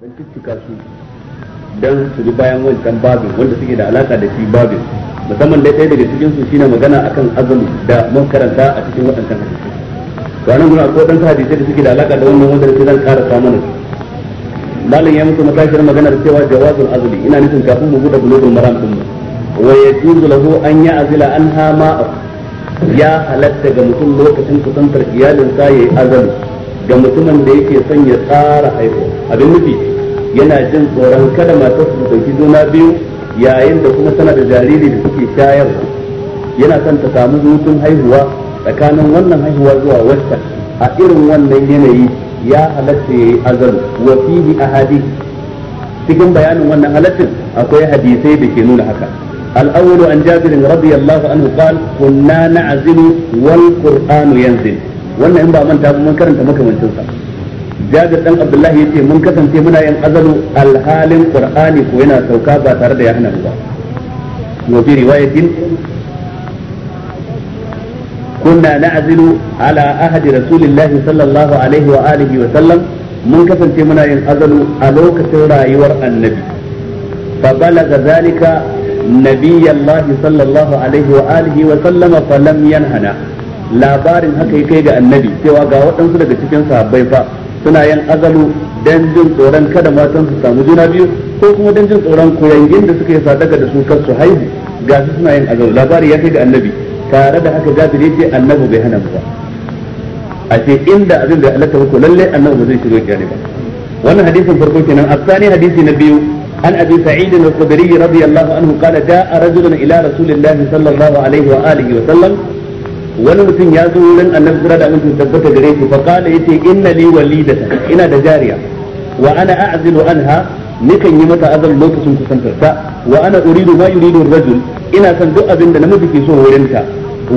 don cuttuka su don su ji bayan wancan babin wanda suke da alaka da shi babin musamman dai ɗaya daga cikin su shine magana akan azumi da mun karanta a cikin waɗancan hadisi to anan gurin akwai ɗansu hadisi da suke da alaka da wannan wanda sai zan karasa mana malam ya musu matashiyar maganar cewa jawazul azumi ina nufin kafin mu buɗe bulugul maram din mu wa yajuzu lahu an azila anha ma'a ya halatta ga mutum lokacin kusantar iyalinsa yi azumi ga mutumin da yake son ya tsara haihuwa abin nufi yana jin tsoron kada matar su dauki juna biyu yayin da kuma tana da jariri da suke shayar yana son ta samu hutun haihuwa tsakanin wannan haihuwa zuwa wacce a irin wannan yanayi ya halatta yi azal wa fihi ahadith cikin bayanin wannan halattin akwai hadisai da ke nuna haka الأول عن جابر رضي الله عنه قال كنا نعزل والقرآن ينزل wannan in ba manta mun karanta makamancin sa jabir dan abdullahi yace mun kasance muna yin azalu alhalin qur'ani ko yana sauka ba tare da ya hana ba wa bi riwayatin kunna na'zilu ala ahadi rasulillahi sallallahu alaihi wa alihi wa sallam mun kasance muna yin azalu a lokacin rayuwar annabi fa balaga zalika nabiyyallahi sallallahu alaihi wa alihi wa sallama falam yanhana labarin haka ya kai ga annabi cewa ga waɗansu daga cikin sahabbai fa suna yin azalu dan jin tsoron kada matan su samu juna biyu ko kuma dan jin tsoron koyangin da suka yi sadaka da su kasu haihu ga su suna yin azalu labari ya kai ga annabi tare da haka jabir ya ce annabi bai hana mu ba a ce inda abin bai halatta ko lalle annabi ba zai shigo kyale ba wannan hadisin farko kenan asani hadisi na biyu an ابي سعيد الخدري رضي الله عنه قال جاء رجل الى رسول الله صلى الله عليه واله وسلم wani mutum ya zo wurin annabi sura da mutum tabbata gare shi fa qala yace inna li walidata ina da jariya wa ana a'zilu anha nikan yi mata azal lokacin kusantar ta wa ana uridu ma yuridu rajul ina san duk abin da namiji ke so wurin ta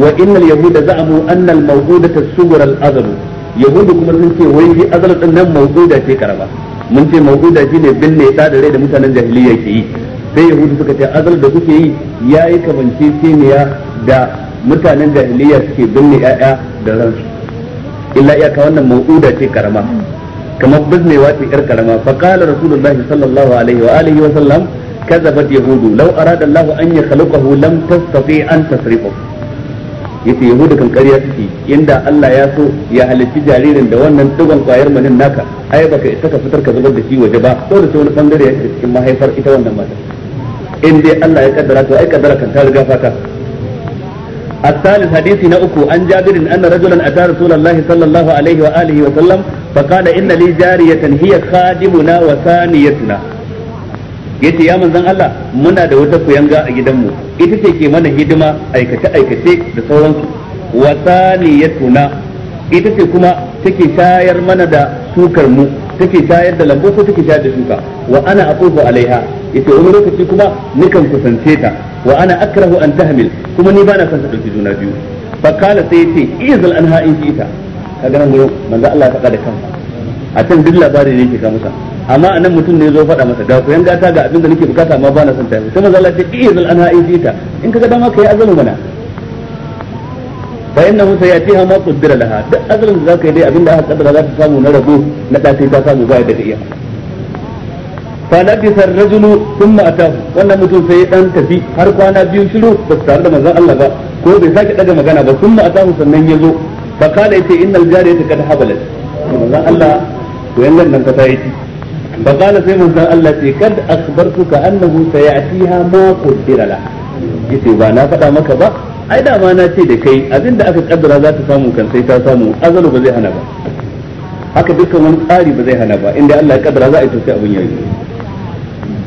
wa innal yahuda za'amu anna al mawqudata sughra al azal yahudu kuma sun ce wai shi azal din nan mawquda ce karama mun ce mawquda shine binne ta da rai da mutanen jahiliya ke yi sai yahudu suka ce azal da kuke yi yayi kamanceceniya da mutanen jahiliya suke binne ƴaƴa da ransu illa iyaka wannan mau'uda ce karama kamar binne wace yar karama fa qala rasulullahi sallallahu alaihi wa alihi wa sallam كذبت yahudu law arada allah an yakhluqahu lam tastati an tasrifu yace yahudu kan ƙarya suke inda Allah ya so ya halicci jaririn da wannan dugan kwayar manin naka ai baka isa ka fitar ka zubar da shi waje ba dole sai wani bangare ya cikin mahaifar ita wannan mata in dai Allah ya kaddara to ai kaddara kan ta riga fata الثالث حديث نأكو عن جابر أن رجلا أتى رسول الله صلى الله عليه وآله وسلم فقال إن لي جارية هي خادمنا وثانيتنا yace ya manzon Allah muna da wata kuyanga a gidanmu ita ce ke mana hidima aikace aikace da sauransu ya tuna ita ce kuma take shayar mana da sukar mu take shayar da lambu ko take shayar da shuka wa ana aqufu alaiha yace wani lokaci kuma nikan kusance ta wa ana akrahu an tahmil kuma ni bana son ta dauki juna biyu fa kala sai yace izal anha in ita kaga nan gurin manzo Allah ya faɗa da kansa a can duk labari ne yake ka masa amma anan mutum ne zo faɗa masa ga ku yan gata ga abin da nake bukata amma bana son ta yi sai manzo Allah ya ce izal anha in ita in kaga dama kai azalu mana fa innahu sayatiha ma qaddara laha duk azalin da zaka yi dai abin da aka kaddara za ta samu na rabo na da sai ta samu ba da iya falabisa rajulu thumma atahu wannan mutum sai dan tafi har kwana biyu shiru ba su tare da mazan Allah ba ko bai sake daga magana ba thumma atahu sannan ya zo fa kala yace innal jariyata kad habalat manzon Allah to yannan nan ka sai kala sai manzon Allah ce kad akhbartuka annahu sayatiha ma la yace ba na faɗa maka ba ai da na ce da kai abinda aka kaddara za ta samu kan sai ta samu azalu ba zai hana ba haka dukkan wani tsari ba zai hana ba inda Allah ya kaddara za a yi to sai abin yayi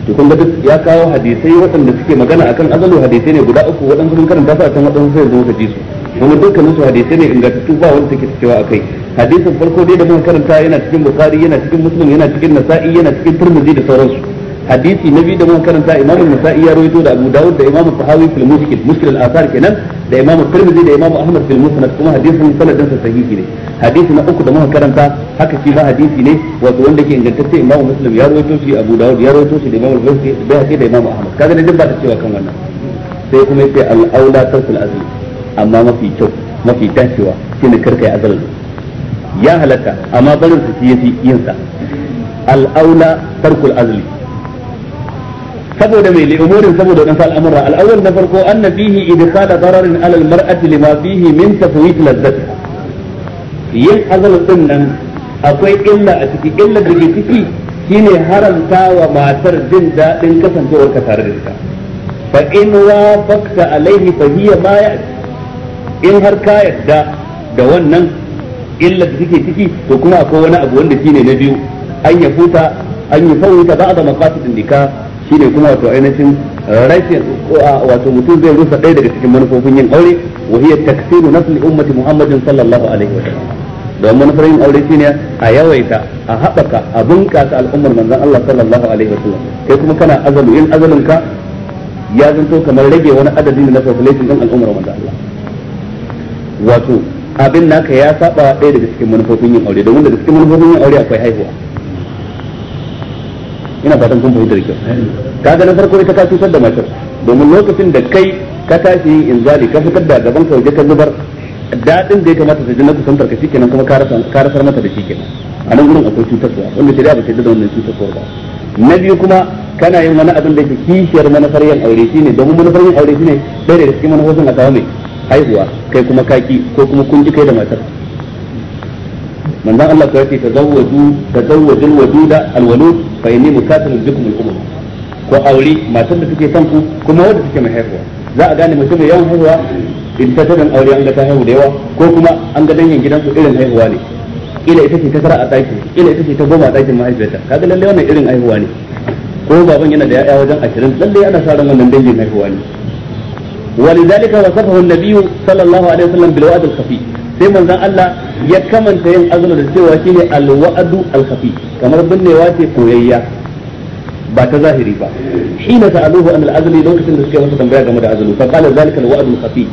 to kun ga duk ya kawo hadisai waɗanda suke magana akan azalu hadisai ne guda uku waɗanda mun karanta su a can waɗanda sai zo ka ji su kuma dukkanin su hadisai ne ingantattu ba wanda take cewa akai hadisin farko dai da muka karanta yana cikin bukhari yana cikin muslim yana cikin nasa'i yana cikin tirmidhi da sauransu hadisi na biyu da mun karanta imam an-nasa'i ya rawaito da abu dawud da imam tahawi fil mushkil mushkil al-athar kenan da imam tirmidhi da imam ahmad fil musnad kuma hadisin sanadin sa sahihi ne hadisi na uku da muka karanta haka shi ba hadisi ne wato wanda ke ingantacce imam muslim ya rawaito shi abu dawud ya rawaito shi da imam al-bayhaqi da imam ahmad kaga ne ba ta cewa kan wannan sai kuma yace al-aula tarsul azli amma mafi kyau mafi dacewa shine karkai azal ya halatta amma barin su shi yafi yin sa al-aula tarkul azli saboda mai li umurin saboda dan al'amura al'awwal na farko anna fihi idkhala dararin ala al-mar'ati lima fihi min tafwit lazzati yin azal din nan akwai illa a ciki illa da ke ciki shine haramta wa matar jin dadin kasancewar ka tare da ita fa in wafaqta alaihi fa hiya in har ka yadda da wannan illa da ke ciki to kuma akwai wani abu wanda shine na biyu an ya futa an yi a ba'da maqasidin nikah ne kuma wato ainihin rashin wato mutum zai rusa ɗaya daga cikin manufofin yin aure wa hiya taksiru nasli ummati muhammadin sallallahu alaihi wa sallam don manufar yin aure ne a yawaita a haɓaka a bunƙasa al'ummar manzon Allah sallallahu alaihi wa sallam kai kuma kana azalu yin azalin ka ya zanto kamar rage wani adadin na population din al'ummar manzon Allah wato abin naka ya saba ɗaya daga cikin manufofin yin aure domin daga cikin manufofin yin aure akwai haihuwa ina fatan kun fahimta da kyau kaga na farko ita ka cutar da matar domin lokacin da kai ka tashi yin inzali ka fitar da gaban ka waje ka zubar dadin da ya kamata ta ji na kusantar ka shikenan kuma ka rasar mata da shikenan a nan gurin akwai cutarwa wanda da ba ta da wannan cutarwa ba na biyu kuma kana yin wani abin da ke kishiyar manufar yin aure shine domin manufar yin aure shine ɗaya da cikin manufofin a samu mai haihuwa kai kuma kaki ko kuma kun ji kai da matar من ذا الله كيف تزوجوا تزوجوا الودود الولود فإني مكاتب بكم الأمم ko aure matar da take son ku kuma wanda take mai haihuwa za a gane mutum mai yawan haihuwa in ta tadan aure an ga ta haihu da yawa ko kuma an ga danyen gidansu irin haihuwa ne ila ita ce a ɗakin ila ita ce ta goma a ɗakin mahaifiyarta kaga lalle wannan irin haihuwa ne ko baban yana da ya'ya wajen ashirin lalle ana sa ran dangin haihuwa ne ولذلك وصفه النبي صلى الله عليه وسلم بالوعد الخفي sai manzon Allah ya kamanta yin azumi da cewa shine alwa'du alkhafi kamar binnewa ce koyayya ba ta zahiri ba hina sa'aluhu an al-azli lokacin da suke masa tambaya game da azumi fa qala zalika al-wa'd al-khafi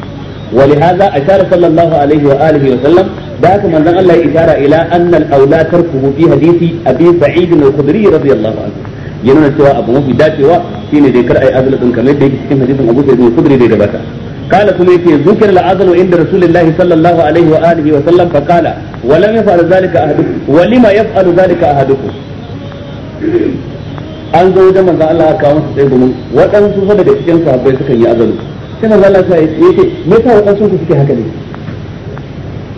wa li hadha ashara sallallahu alaihi wa alihi wa sallam da haka manzon Allah ya ishara ila anna al-awla tarkuhu fi hadisi abi sa'id al-khudri radiyallahu anhu yana cewa abu mafi dacewa shine dai kar ai azumi din kamar da yake cikin hadisin Abu Sa'id al-Khudri da gabata قال سليتي ذكر العذل عند رسول الله صلى الله عليه وآله وسلم فقال ولم يفعل ذلك أحدكم ولما يفعل ذلك أحدكم an zo wajen manzo Allah aka kawo su tsaye domin waɗansu fa daga cikin sahabbai sukan yi azalu sai manzo Allah ya ce me yasa waɗansu ku suke haka ne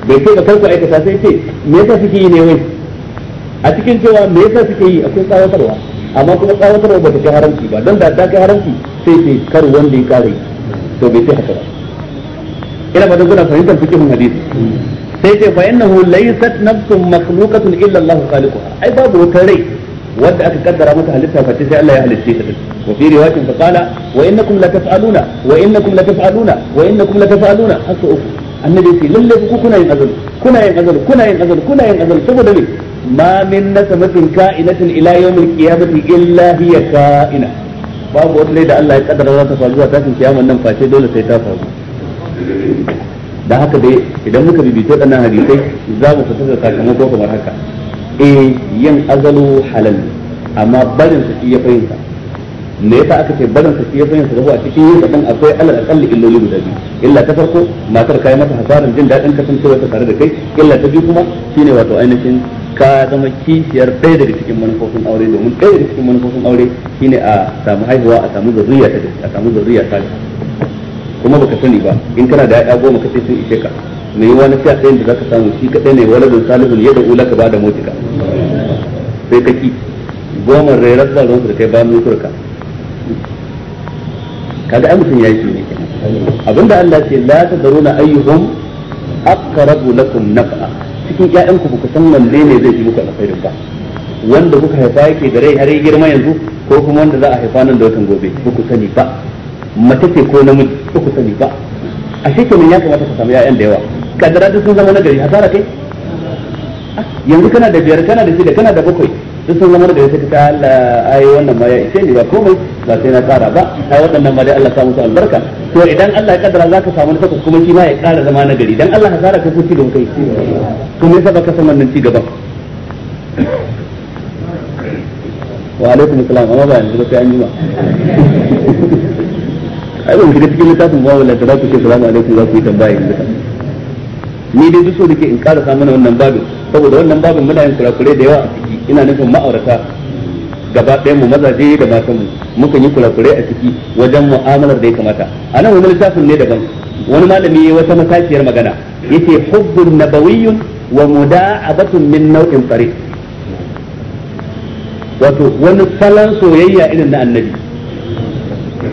bai ce ba kar aikata sai ce me yasa suke yi ne wai a cikin cewa me yasa suke yi akwai tsawatarwa amma kuma tsawatarwa ba ta kai haramci ba don da ta kai haramci sai ce kar wanda ya kare to bai ce haka ba ina ba kuna fahimtar fikihun hadisi sai ce fa innahu laysat nafsun makhluqatun illa Allah khaliquha ai babu wata rai wanda aka kaddara mata halitta face sai Allah ya halitta ta wa fi riwayatin fa qala wa innakum la taf'aluna wa innakum la taf'aluna wa innakum la taf'aluna hasu uku annabi sai lalle ku kuna yin azal kuna yin azal kuna yin azal kuna yin azal saboda me ma min nasamatin ka'inatin ila yawmil qiyamati illa hiya ka'ina babu wani da Allah ya kaddara za ta faru a tashin kiyaman nan face dole sai ta faru da haka dai idan muka bibita ɗannan hadisai za mu fita da sakamako kamar haka eh yin azalu halal amma barin su ya fahimta me yasa aka ce barin su shi ya fahimta da a cikin yin kadan akwai alal akalli illoli guda biyu illa ta farko matar kai mata hasaran jin daɗin kasancewa ta tare da kai illa ta biyu kuma shine wato ainihin ka zama kishiyar ɗaya daga cikin manufofin aure domin ɗaya daga cikin manufofin aure shine a samu haihuwa a samu zuriya ta a samu zuriya ta kuma baka sani ba in kana da ya'ya goma kace sun ishe ka me yi wani fiya ɗayan da zaka samu shi kaɗai ne waladun salihun yadda da'u laka ba da motika sai ka ki goma rairar da ruwan da kai mu turka kaga ai mutum ya yi shi ne abinda Allah ce la ta daruna ayyuhum aqrabu lakum naf'a cikin ya'yan ku ku san manne ne zai yi muku alkhairin ba wanda kuka haifa yake da rai har yi girma yanzu ko kuma wanda za a haifa nan da watan gobe ba ku sani ba mace ce ko namiji ba ku sani ba a shekarun ya kamata ka samu ƴaƴan da yawa kadara duk sun zama na gari hasara kai ah, yanzu kana da biyar kana da shida kana da bakwai duk sun zama na gari sai ka ta Allah ai wannan ma ya ishe ni ba komai ba sai na kara ba ai waɗannan ma dai Allah sa su albarka to idan Allah ya kaddara zaka samu na takwas kuma shi ma ya kara zama na gari idan Allah hasara kai ko ci kai su ne yasa ka san wannan ci gaba wa alaikum assalam amma ba yanzu ba sai an jima ai ban shiga cikin littafin ba wallahi da za ku ce salamu alaikum za ku yi tambaya yanzu ni dai duk so da ke in kara mana wannan babin saboda wannan babin muna yin kurakure da yawa a ciki ina nufin ma'aurata gaba ɗayan mu mazaje da matan mu muka yi kurakurai a ciki wajen mu'amalar da ya kamata a nan wani littafin ne daban wani malami ya wata matashiyar magana yace hubbun nabawiyyun wa muda'abatun min nau'in fari wato wani salon soyayya irin na annabi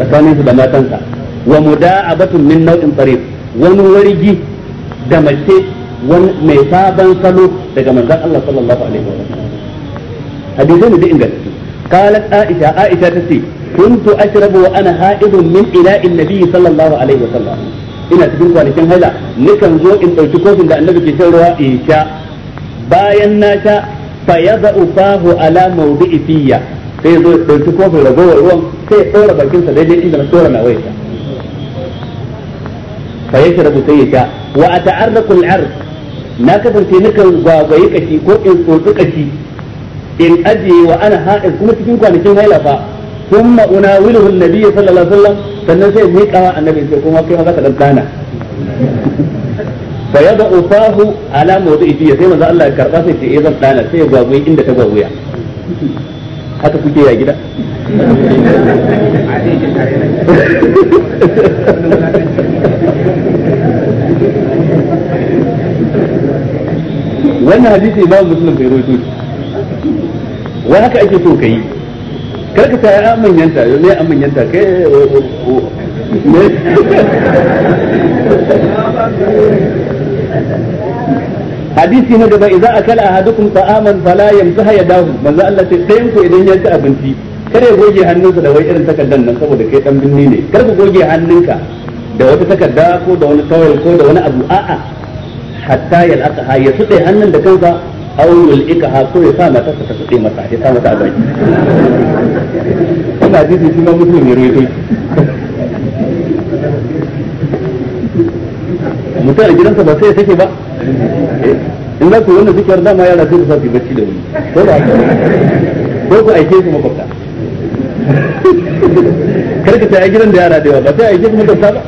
tsakanin su da matansa wa muda'abatun min nau'in fari wani wargi da mace wani mai sabon salo daga manzon Allah sallallahu alaihi wa sallam hadisi ne da ingantattu قالت عائشة عائشة تسي كنت أشرب وأنا حائض من إناء النبي صلى الله عليه وسلم ina cikin kwanakin haila nikan zo in ɗauki kofin da annabi ke shan bayan na sha fa ya za'u fahu sai ɗauki kofin ruwan sai ɗora bakinsa daidai inda na tsora na waya fa yashrabu sai ya wa ata'arraqu al-'arq na kasance nikan gwagwaye kashi ko in tsotsi kashi in ajiye wa ana ha'in kuma cikin kwanakin haila fa thumma unawiluhu an-nabiy sallallahu alaihi wasallam sannan sai mai kawa annabi sai kuma kai maza ka dan kana fa yada ufahu ala mawdi'i sai manzo Allah ya karba sai sai zan dana sai ya gwagwaye inda ta gwagwaya haka kuke ya gida wannan hadisi ba muslim bai rawaito wai haka ake so ka yi karka ta ya manyanta yau ne manyanta kai ne eh, oh, oh, oh. hadisi na gaba aka la ahadukum ta'aman fala yamsaha dahu manzo Allah sai dayan ku idan ya ci abinci kar ya goge hannunsa da wai irin takardan nan saboda kai dan binni ne kar ka goge hannunka da wata takarda ko da wani tawul ko da wani abu a'a hatta yalaka ha ya sude hannun da kansa auyul ika ha so ya sa na ta ta tsaye masa ya sa mata a ina jin shi ma mutum ne ruwaito mutum a gidansa ba sai ya sake ba eh, in za ku wannan zikiyar dama yara zai zafi bacci da wuri ko da ko ku aike su makwabta karka ta yi gidan da yara da yawa ba sai aike su makwabta ba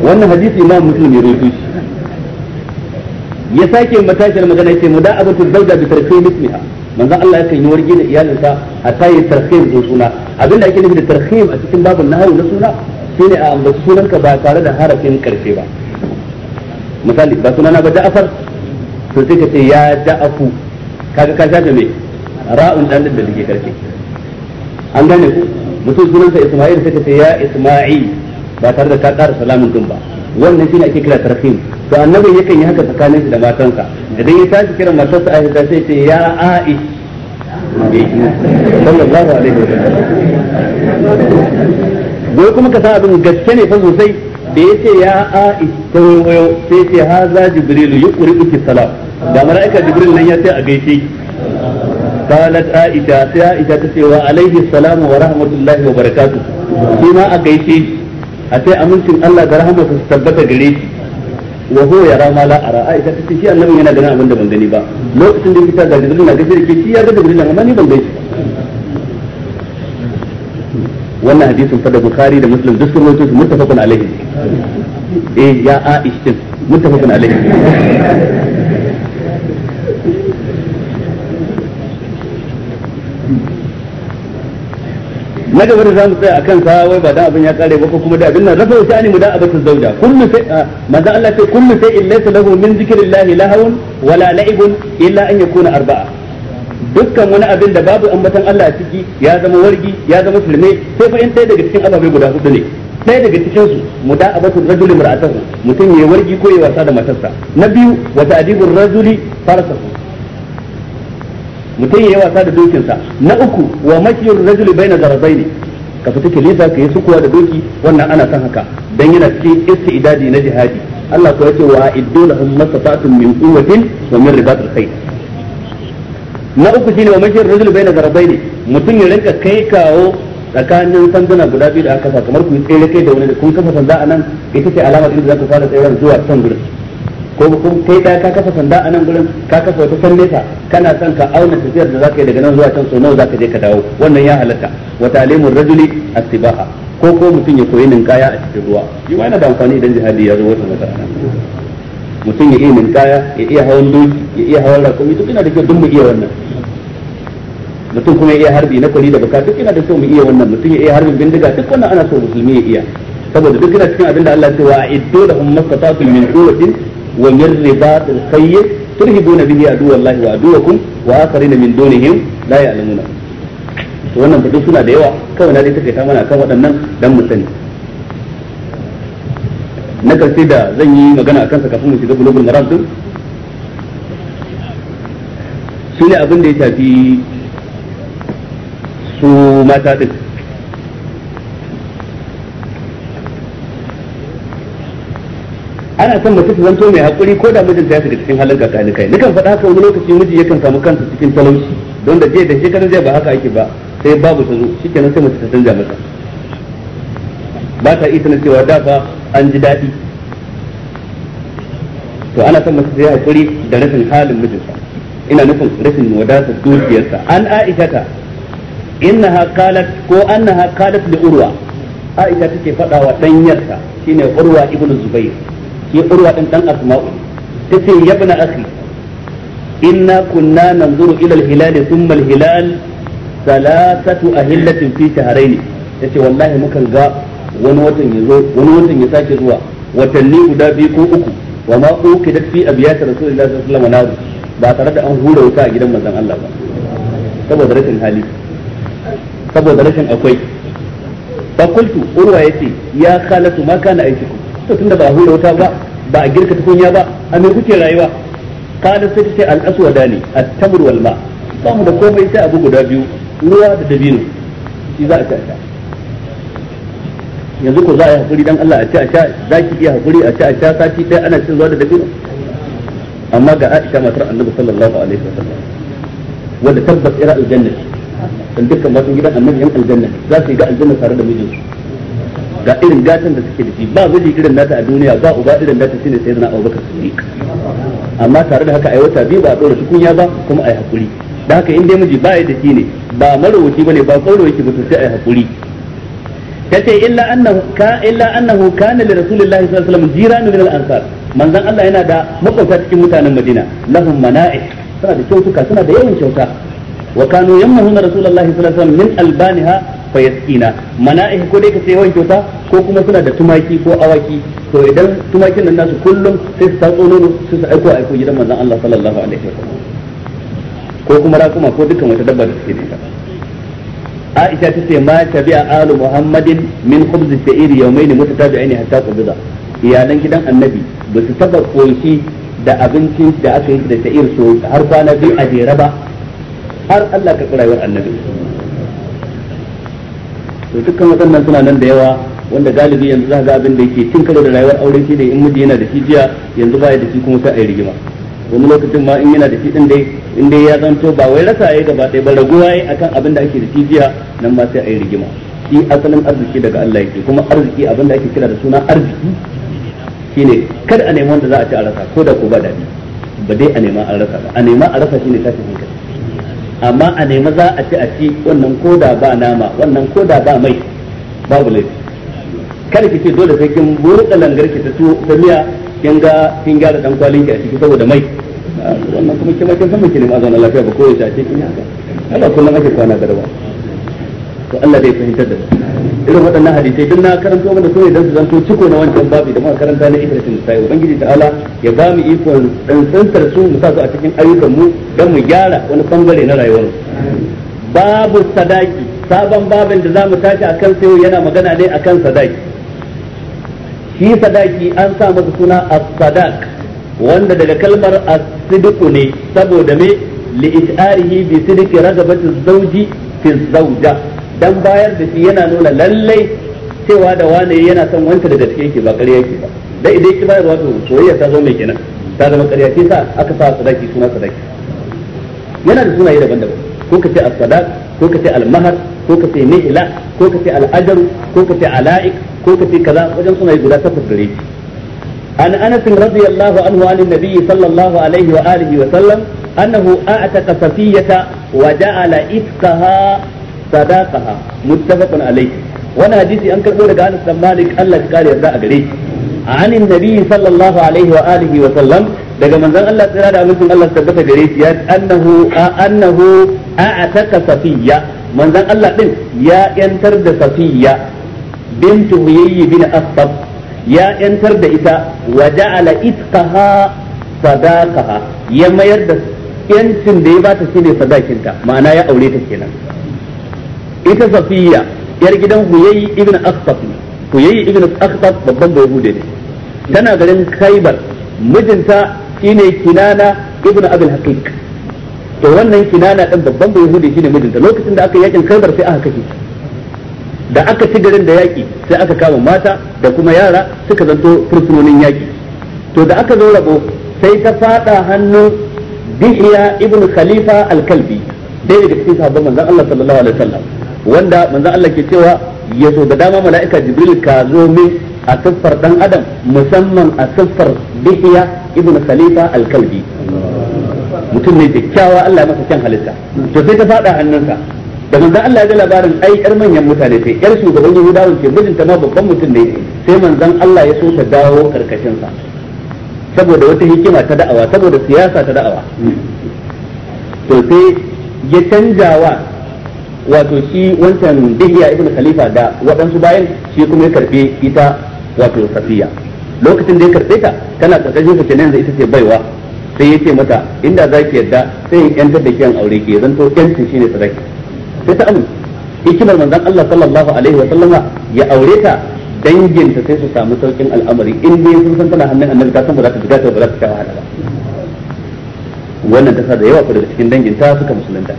wannan hadisi imam muslim ya rubuta shi ya sake matashiyar magana yace muda'abatu zawja bi tarfi misliha manzo Allah yakan yi warge da iyalinsa a tayi tarhim din suna abin da ake nufi da tarhim a cikin babun nahwu na suna shine a ambaci sunanka ba tare da harafin karfe ba misali ba sunana ba da'afar to sai ka ce ya da'afu kaga ka shafe me ra'un dan da dake karshe an gane ku mutum sunansa Isma'il sai ka ce ya Isma'il ba tare da ka ƙara salamin din ba wannan shine ake kira tarhim to annabi yakan yi haka tsakanin shi da matansa da dai ya tashi kiran matarsa Aisha sai ce ya Aisha sallallahu alaihi wasallam dai kuma ka san abin gaske ne fa sosai da yace ya Aisha ta wayo sai ce haza jibril yuqri'uki salam da mara'ika jibril nan ya sai a gaishe قالت عائشة عائشة تسي وعليه السلام ورحمة الله وبركاته فيما أقيتي a sai amincin Allah da rahama su tabbata gare shi wa ho ya rama la ara aisha ce shi annabi yana ganin abin da ban gani ba lokacin da fita da jibril na gashi da ke shi ya ga jibril amma ni ban gani wannan hadisin fa da bukhari da muslim duk sun rawaito su muttafaqun alaihi eh ya aishin muttafaqun alaihi na gaba da za mu tsaya akan sa wai ba dan abin ya kare ba ko kuma da abin nan rafa sha'ani mu da abatu zauja kullu sai manzo Allah ce kullu sai in laysa lahu min zikrillahi lahawun wala la'ibun illa an yakuna arba'a dukkan wani abin da babu ambatan Allah a ciki ya zama wargi ya zama firme sai fa in daga cikin ababai guda hudu ne ɗaya daga cikin su muda abatu mar'atahu mutum ya wargi ko ya wasa da matarsa na biyu wa ta'dibur rajuli farasahu mutum yi wasa da dokinsa na uku wa mashiyur rajuli baina ne ka fita kilisa ka yi sukuwa da doki wannan ana san haka dan yana cikin idadi na jihadi Allah ko yace wa iddu lahum masafatun min quwwatin wa min ribatil khayr na uku shine wa mashiyur rajuli baina ne mutum ya rinka kai kawo tsakanin sanduna guda biyu da aka kafa kamar ku tsere kai da wani da kun kafa sanda a nan ita ce alamar inda za ku fara tseren zuwa can gurin ko kai da ka kafa sanda a nan gurin ka kafa wata sanneta kana son ka auna tafiyar da zaka yi daga nan zuwa can so nawa zaka je ka dawo wannan ya halatta wa talimur rajuli astibaha ko ko mutum ya koyi ninkaya a cikin ruwa yi yana da amfani idan jihadi ya zo wata matsala mutum ya iya ninkaya ya iya hawan doki ya iya hawan rakumi duk ina da kyau duk mu iya wannan mutum kuma ya iya harbi na kwari da baka duk ina da kyau mu iya wannan mutum ya iya harbin bindiga duk wannan ana so musulmi ya iya saboda duk ina cikin abin da Allah ya ce wa iddo lahum mastata'tum min quwwatin wa min ribatil khayr turhibuna bihi aduwallahi wa aduwakum wa akharina min dunihim la ya'lamuna to wannan fa suna da yawa kawai na dai take ta mana akan waɗannan dan mu na karshe da zan yi magana akan sa kafin mu shiga bulugul maram din shine abin da ya shafi su mata din ana son mace ta zanto mai hakuri ko da mijin ta shiga cikin halin kakani kai nukan faɗa haka wani lokaci miji yakan samu kansa cikin talauci don da jiya da shekaran jiya ba haka ake ba sai babu ta zo kenan sai mace ta canja masa ba ta isa na cewa da fa an ji daɗi to ana son mace ta yi hakuri da rashin halin mijinta ina nufin rashin wadatar dukiyarsa an aisha ta innaha qalat ko annaha qalat li urwa aisha take faɗa wa danyarta shine urwa ibnu zubair shi urwa din dan asma'u tace ya ibn akhi inna kunna nanzuru ila al-hilal thumma a hilal thalathatu ahillatin fi shahrayn tace mukan ga wani watan ya sake zuwa watanni guda biyu ko uku wa ma uqidat fi abiyat rasulullahi sallallahu alaihi wasallam ba tare da an hura wuta a gidan manzon ba saboda rashin hali saboda rashin akwai fa qultu urwa yace ya khalatu ma kana aikukum to tunda ba hula wuta ba ba a girka tukunya ba a me kuke rayuwa kada sai ce al aswada ne at tamr wal ma ba mu da komai sai abu guda biyu ruwa da dabino shi za a ci yanzu ko za a yi hakuri dan Allah a ci a sha za ki iya hakuri a ci a sha sati ɗaya ana cin ruwa da dabino amma ga Aisha matar Annabi sallallahu alaihi wasallam wanda tabbas ira aljanna dan dukkan masu gidan Annabi yan aljanna za su yi ga aljanna tare da mijinsu ga irin gatan da suke da shi ba miji irin nata a duniya ba uba irin nata shine sai zana Abubakar Siddiq amma tare da haka ai wata biyu ba a dora shukunya ba kuma ai hakuri da haka in dai miji ba ya da shi ne ba ba bane ba tsoro yake mutum sai ai hakuri kace illa annahu ka illa annahu kana li rasulillahi sallallahu alaihi wasallam jiranu min al-ansar manzon Allah yana da makwabta cikin mutanen Madina lahum mana'ih suna da kyautuka suna da yawan kyauta wa kanu yammuhu rasulullahi sallallahu alaihi wasallam min albaniha fa yaskina mana'ihi ko dai ka sai yawan kyauta ko kuma suna da tumaki ko awaki to idan tumakin nan nasu kullum sai su tatso nono sai su aiko aiko gidan manzon Allah sallallahu alaihi wasallam ko kuma raƙuma ko dukkan wata dabba da suke da ita Aisha ta ce ma tabi'a alu Muhammadin min khubz sair yawmain mutatabi'ain hatta qubida iyalan gidan annabi ba su taba koyi da abincin da aka yi da sa'ir so har kwana biyu a jere ba har Allah ka rayuwar annabi to dukkan waɗannan suna nan da yawa wanda galibi yanzu za ga abin da yake cin karo da rayuwar aure shi ne in miji yana da shi jiya yanzu baya da shi kuma sai a yi rigima wani lokacin ma in yana da shi din dai in dai ya zanto ba wai rasa yayi gaba ɗaya ba raguwa yayi akan abin da ake da shi jiya nan ma sai a yi rigima shi asalin arziki daga Allah yake kuma arziki abin da ake kira da suna arziki shine kada a nemi wanda za a ci a rasa ko da ko ba daɗi ba dai a nema a rasa ba a nema a rasa shine tashin hankali amma a nemi za a ci a ci wannan koda ba nama wannan koda ba mai babu laifi kada ki ce dole sai kin buɗe langar ki ta tuwo ta miya kin ga kin gyara dan kwalin ki a ciki saboda mai wannan kuma kin kin san ba ki ne ma zauna lafiya ba ko ya ce kin haka Allah kullum ake kwana rawa to Allah zai fahimtar da mu irin waɗannan hadisai duk na karanto mana sune dan su zanto ciko na wancan babi da muka karanta na ikratin sai ubangiji ta'ala ya ba mu ikon dan tsantsar su mu sa a cikin ayyukan mu dan mu gyara wani bangare na rayuwar babu sadaki sabon babin da zamu tashi akan sai yana magana ne akan sadaki shi sadaki an sa masa suna as-sadaq wanda daga kalmar as-sidqu ne saboda me li'tarihi bi sidqi ragabati az-zawji fi az-zawja dan bayar da shi yana nuna lallai cewa da wane yana son wanta da gaske yake ba ƙarya yake ba dan idan yake bayar wato soyayya ta zo mai kenan ta zama ƙarya sai sa aka sa sadaki suna sadaki yana da sunaye daban-daban ko ka kace as-sadaq ko ka kace al-mahar ko ka kace nihla ko kace al-ajr ko ka kace alaik ko ka kace kaza wajen sunaye guda takwas gare shi an Anas radiyallahu anhu an annabi sallallahu alaihi wa alihi wa sallam annahu a'taqa safiyata wa ja'ala itqaha sadaqaha muttafaqun alayh wannan hadisi an karbo daga Anas bin Malik Allah ya kare yarda a gare shi an annabi sallallahu alaihi wa alihi wa sallam daga manzon Allah tsira da amincin Allah tabbata gare shi ya annahu annahu a'taka safiyya manzon Allah din ya yantar da safiyya bintu huyayyi bin asfab ya yantar da ita wa ja'ala itqaha sadaqaha ya mayar da yancin da ya bata shine sadakinta ma'ana ya aure ta kenan ita safiya yar gidan huyayi ibn akhtab huyayi ibn akhtab babban bayhude ne tana garin khaybar mijinta shine kinana ibn abul haqiq to wannan kinana din babban bayhude shine mijinta lokacin da aka yakin khaybar sai aka kashe da aka ci garin da yaki sai aka kama mata da kuma yara suka zanto fursunonin yaki to da aka zo rabo sai ta fada hannu dihiya ibn khalifa al-kalbi dai da cikin sahabban manzon Allah sallallahu alaihi wasallam wanda manzo Allah ke cewa ya so da dama mala'ika jibril ka zo min a siffar dan adam musamman a siffar bihiya ibn khalifa al-kalbi mutum ne kyakkyawa Allah ya masa kyan halitta to sai ta fada hannunsa da manzo Allah ya ga labarin ai yar manyan mutane sai yar shugaban yahudawa ce mijinta ma babban mutum ne sai manzon Allah ya so ta dawo karkashin sa saboda wata hikima ta da'awa saboda siyasa ta da'awa to sai ya wa. wato shi wancan dihiya ibn khalifa da waɗansu bayan shi kuma ya karbe ita wato safiya lokacin da ya karbe ta tana karkashin sa kenan ita ce baiwa sai ya ce mata inda za ki yadda sai in yantar da kiyan aure ki zanto shi ne sadaki sai ta amince hikimar manzon Allah sallallahu alaihi wa sallama ya aure ta danginta sai su samu saukin al'amari in dai sun san tana hannun annabi ta san ba za ta shiga ta ba za ta sha wahala ba wannan ta sa da yawa daga cikin danginta suka musulunta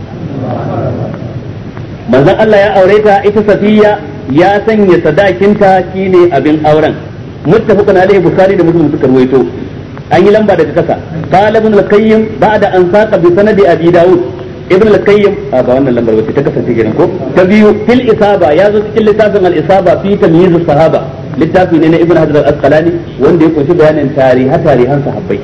manzon Allah ya aure ta ita safiya ya sanya sadakinta shine abin auren muttafaqun alaihi bukhari da muslim suka ruwaito an yi lamba daga kasa qala ibn al-qayyim ba'da an saqa bi sanadi abi daud ibn al-qayyim a ba wannan lambar wacce ta kasance kenan ko ta biyu fil isaba ya zo cikin littafin al-isaba fi tamyiz sahaba littafi ne na ibn hajar al-asqalani wanda ya kunshi bayanin tariha tarihan sahabbai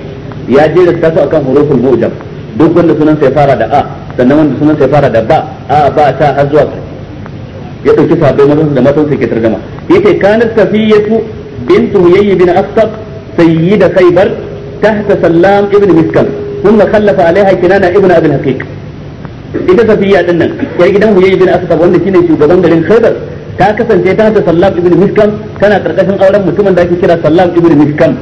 ya jera su akan huruful mu'jam duk wanda sunan sai fara da a sannan wanda sunan sai fara da ba a ba ta har zuwa ƙarshe ya dauki sahabbai mazan da matan su ke tarjama yace kanat safiyatu bint huyay bin asqab sayyida khaybar tahta sallam ibn miskan kuma khallafa alaiha kinana ibn abi haqiq ita safiya din nan yar gidan huyay bin asqab wanda shine shugaban garin khaybar ta kasance ta tahta sallam ibn miskan tana karkashin auren mutumin da ake kira sallam ibn miskan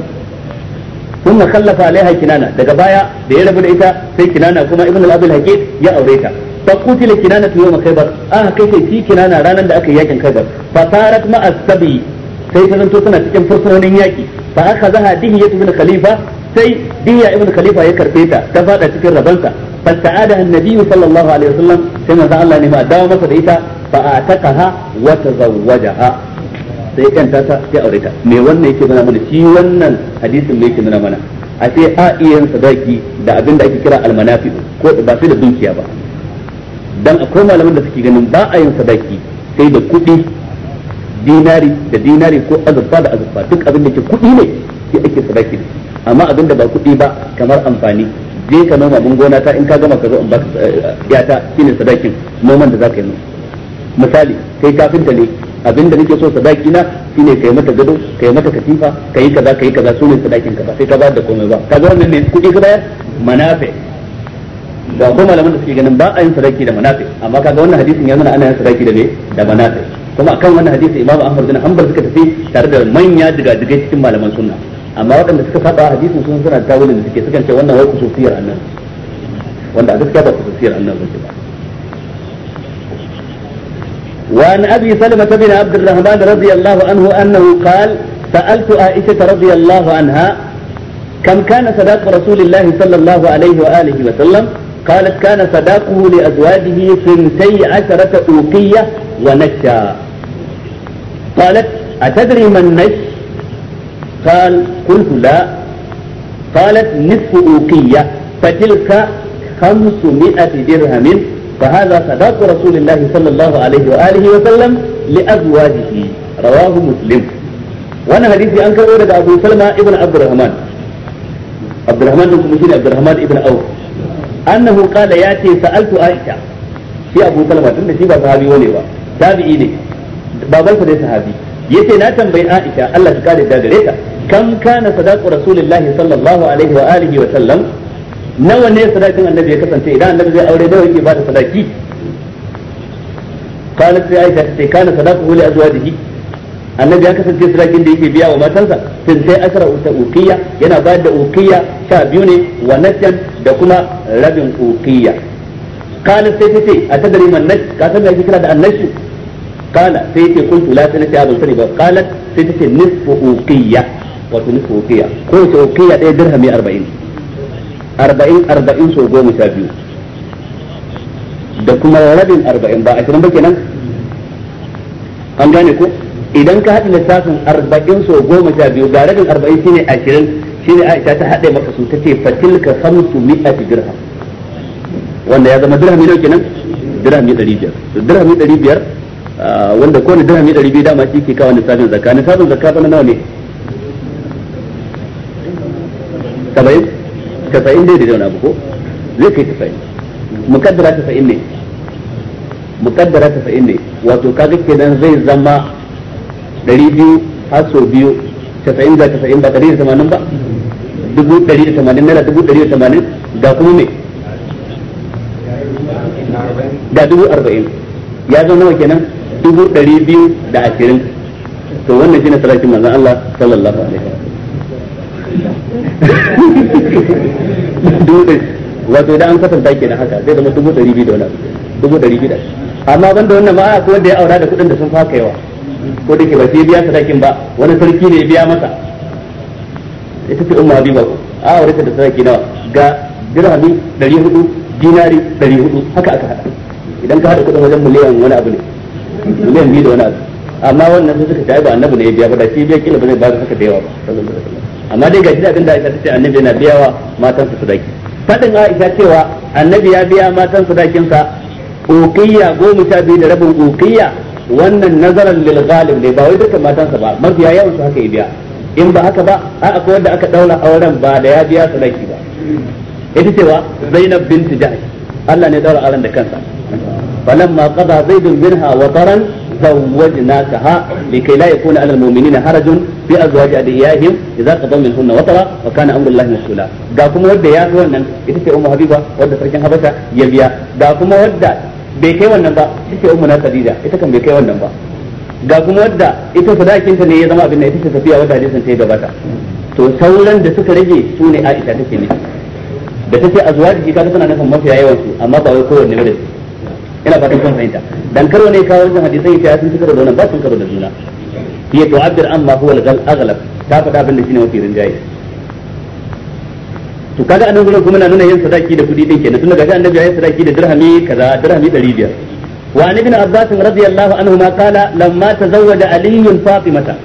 sun kallafa alaiha kinana daga baya da ya rabu da ita sai kinana kuma ibn al-abil ya aure ta fa qutila kinana tu yawm khaybar aka kai sai shi kinana ranar da aka yi yakin khaybar fa tarat ma as-sabi sai ta zanto tana cikin fursunonin yaki fa aka zaha ya ibn khalifa sai dihiya ibn khalifa ya karfe ta ta fada cikin rabansa fa ta'adaha an-nabi sallallahu alaihi wasallam sai manzo Allah ne ma dawo masa da ita fa ataqaha wa tazawwajaha sai kan ta sai aure me wannan yake nuna mana shi wannan hadisin me yake mana mana a sai a iyan sadaki da abin da ake kira almanafi ko ba sai da dukiya ba dan akwai malaman da suke ganin ba a yin sadaki sai da kuɗi dinari da dinari ko azurfa da azurfa duk abin da ke kuɗi ne sai ake sadaki da amma abin da ba kuɗi ba kamar amfani je ka noma mun gona ta in ka gama ka zo in ba eh, ya ta shine sadakin noman da zaka yi misali kai kafinta ne da nake so sadaki na shine kai mata gado kai mata katifa kai kaza kai kaza sune sadakin ka ba sai ka ba da komai ba kaga wannan ne kuɗi ka bayar manafi da akwai malaman da suke ganin ba a yin sadaki da manafi amma kaga wannan hadisin ya nuna ana yin sadaki da me da manafi kuma akan wannan hadisi imam ahmad bin hanbal suka tafi tare da manya diga cikin malaman sunna amma waɗanda suka faɗa hadisin sun suna tawilin da suke sukan ce wannan wai kusufiyar annabi wanda a gaskiya ba kusufiyar annabi ba وعن أبي سلمة بن عبد الرحمن رضي الله عنه أنه قال سألت عائشة رضي الله عنها كم كان صداق رسول الله صلى الله عليه وآله وسلم قالت كان صداقه لأزواجه سنتي عشرة أوقية ونشا قالت أتدري ما نش قال قلت لا قالت نصف أوقية فتلك خمسمائة درهم فهذا صداق رسول الله صلى الله عليه وآله وسلم لأزواجه رواه مسلم وانا حديثي أنكر ولد أبو سلمة ابن عبد الرحمن عبد الرحمن بن كمشين عبد الرحمن ابن أوف أنه قال ياتي سألت عائشة في أبو سلمة تنسي شي ba sahabi wane ba tabi'i ne babansa dai sahabi yace na tambayi Aisha Allah ta kare da gare ta kam kana sadaqu rasulillahi sallallahu alaihi wa alihi wa sallam nawa ne sadakin annabi ya kasance idan annabi zai aure nawa yake ba da sadaki kana sai aisha ta ce kana sadaquhu li azwajihi annabi ya kasance sadakin da yake biya wa matansa tun sai asara uta uqiyya yana ba da uqiyya sha biyu ne wa nasyan da kuma rabin uqiyya kana sai ta a tadari man nas ka san da kira da annashi kana sai ce kuntu la sanati abul sani ba kana sai ta nisfu uqiyya wato nisfu uqiyya ko ce uqiyya ɗaya dirhami arba'in. arba'in arba'in so goma sha biyu da kuma rabin arba'in ba ashirin ba kenan an gane ko idan ka haɗa lissafin arba'in so goma sha biyu ga rabin arba'in shi ne ashirin ne aisha ta haɗe maka su ta ce fatilka hamsu mi'ati dirham wanda ya zama dirham nawa kenan dirhami ɗari biyar dirhami ɗari biyar ah, wanda dirham dirhami ɗari biyu dama shi ke kawo lissafin zakka lissafin zakka bana nawa ne saba'in tasa'in dai da zauna ba ko zai kai tasa'in mukaddara tasa'in ne mukaddara tasa'in ne wato kaga kenan zai zama ɗari biyu har sau biyu tasa'in ga tasa'in ba ɗari da tamanin ba dubu ɗari da tamanin naira dubu ɗari da tamanin ga kuma me da dubu arba'in ya zama wa kenan dubu ɗari biyu da ashirin to wannan shine sarakin manzon Allah sallallahu alaihi wasallam dole wato idan an kasanta kenan haka zai zama dubu ɗari biyu da wani dubu ɗari biyu da amma ban da wannan ma a ko wanda ya aura da kuɗin da sun faka yawa ko da ke ba sai biya sadakin ba wani sarki ne biya masa ita ce umma habiba a aure ta da sadaki nawa ga dirhami ɗari hudu dinari ɗari hudu haka aka haɗa idan ka haɗa kuɗin wajen miliyan wani abu ne miliyan biyu da wani abu amma wannan sun suka ta ba annabi ne ya biya ba da shi biya kila ba zai ba su haka da yawa ba amma dai gashi abin da Aisha ta ce annabi yana biyawa matan su sadaki fadin Aisha cewa annabi ya biya matan sadakin sa uqiyya goma sha biyu da rabin uqiyya wannan nazaran lil ghalib ne ba wai dukkan matansa ba mafiya yawan su haka ya biya in ba haka ba a akwai wanda aka daura auren ba da ya biya sadaki ba ita cewa Zainab binti Jahsh Allah ne daura auren da kansa فلما قضى زيد منها وطرا زوجناكها لكي لا يكون على المؤمنين حرج fi azwaji adiyahim idza qadaw minhunna watara wa kana amru llahi masula ga kuma wanda ya fi wannan ita ce ummu habiba wanda sarkin habasha ya biya ga kuma wanda bai kai wannan ba ita ce ummu na khadija ita kan bai kai wannan ba ga kuma wanda ita sadakin ta ne ya zama abin da ita ce tafiya wanda hadisin ta ya gabata to sauran da suka rage su ne Aisha take ne da take azwaji ka ga tana nufin mafiya yawan su amma ba wai kowanne ba da ina fatan kun fahimta dan karo ne kawo wannan hadisai ya sun cika da wannan ba sun karo da juna هي تعبر عما هو الأغلب تابع abin da shine mafi rinjaye to kaga annabi gurin kuma na nuna yin sadaki da kudi din kenan tunda gashi annabi ya yi sadaki da dirhami kaza dirhami 500 wa an ibn abbas radiyallahu anhu ma qala lamma tazawwaja ali fatimata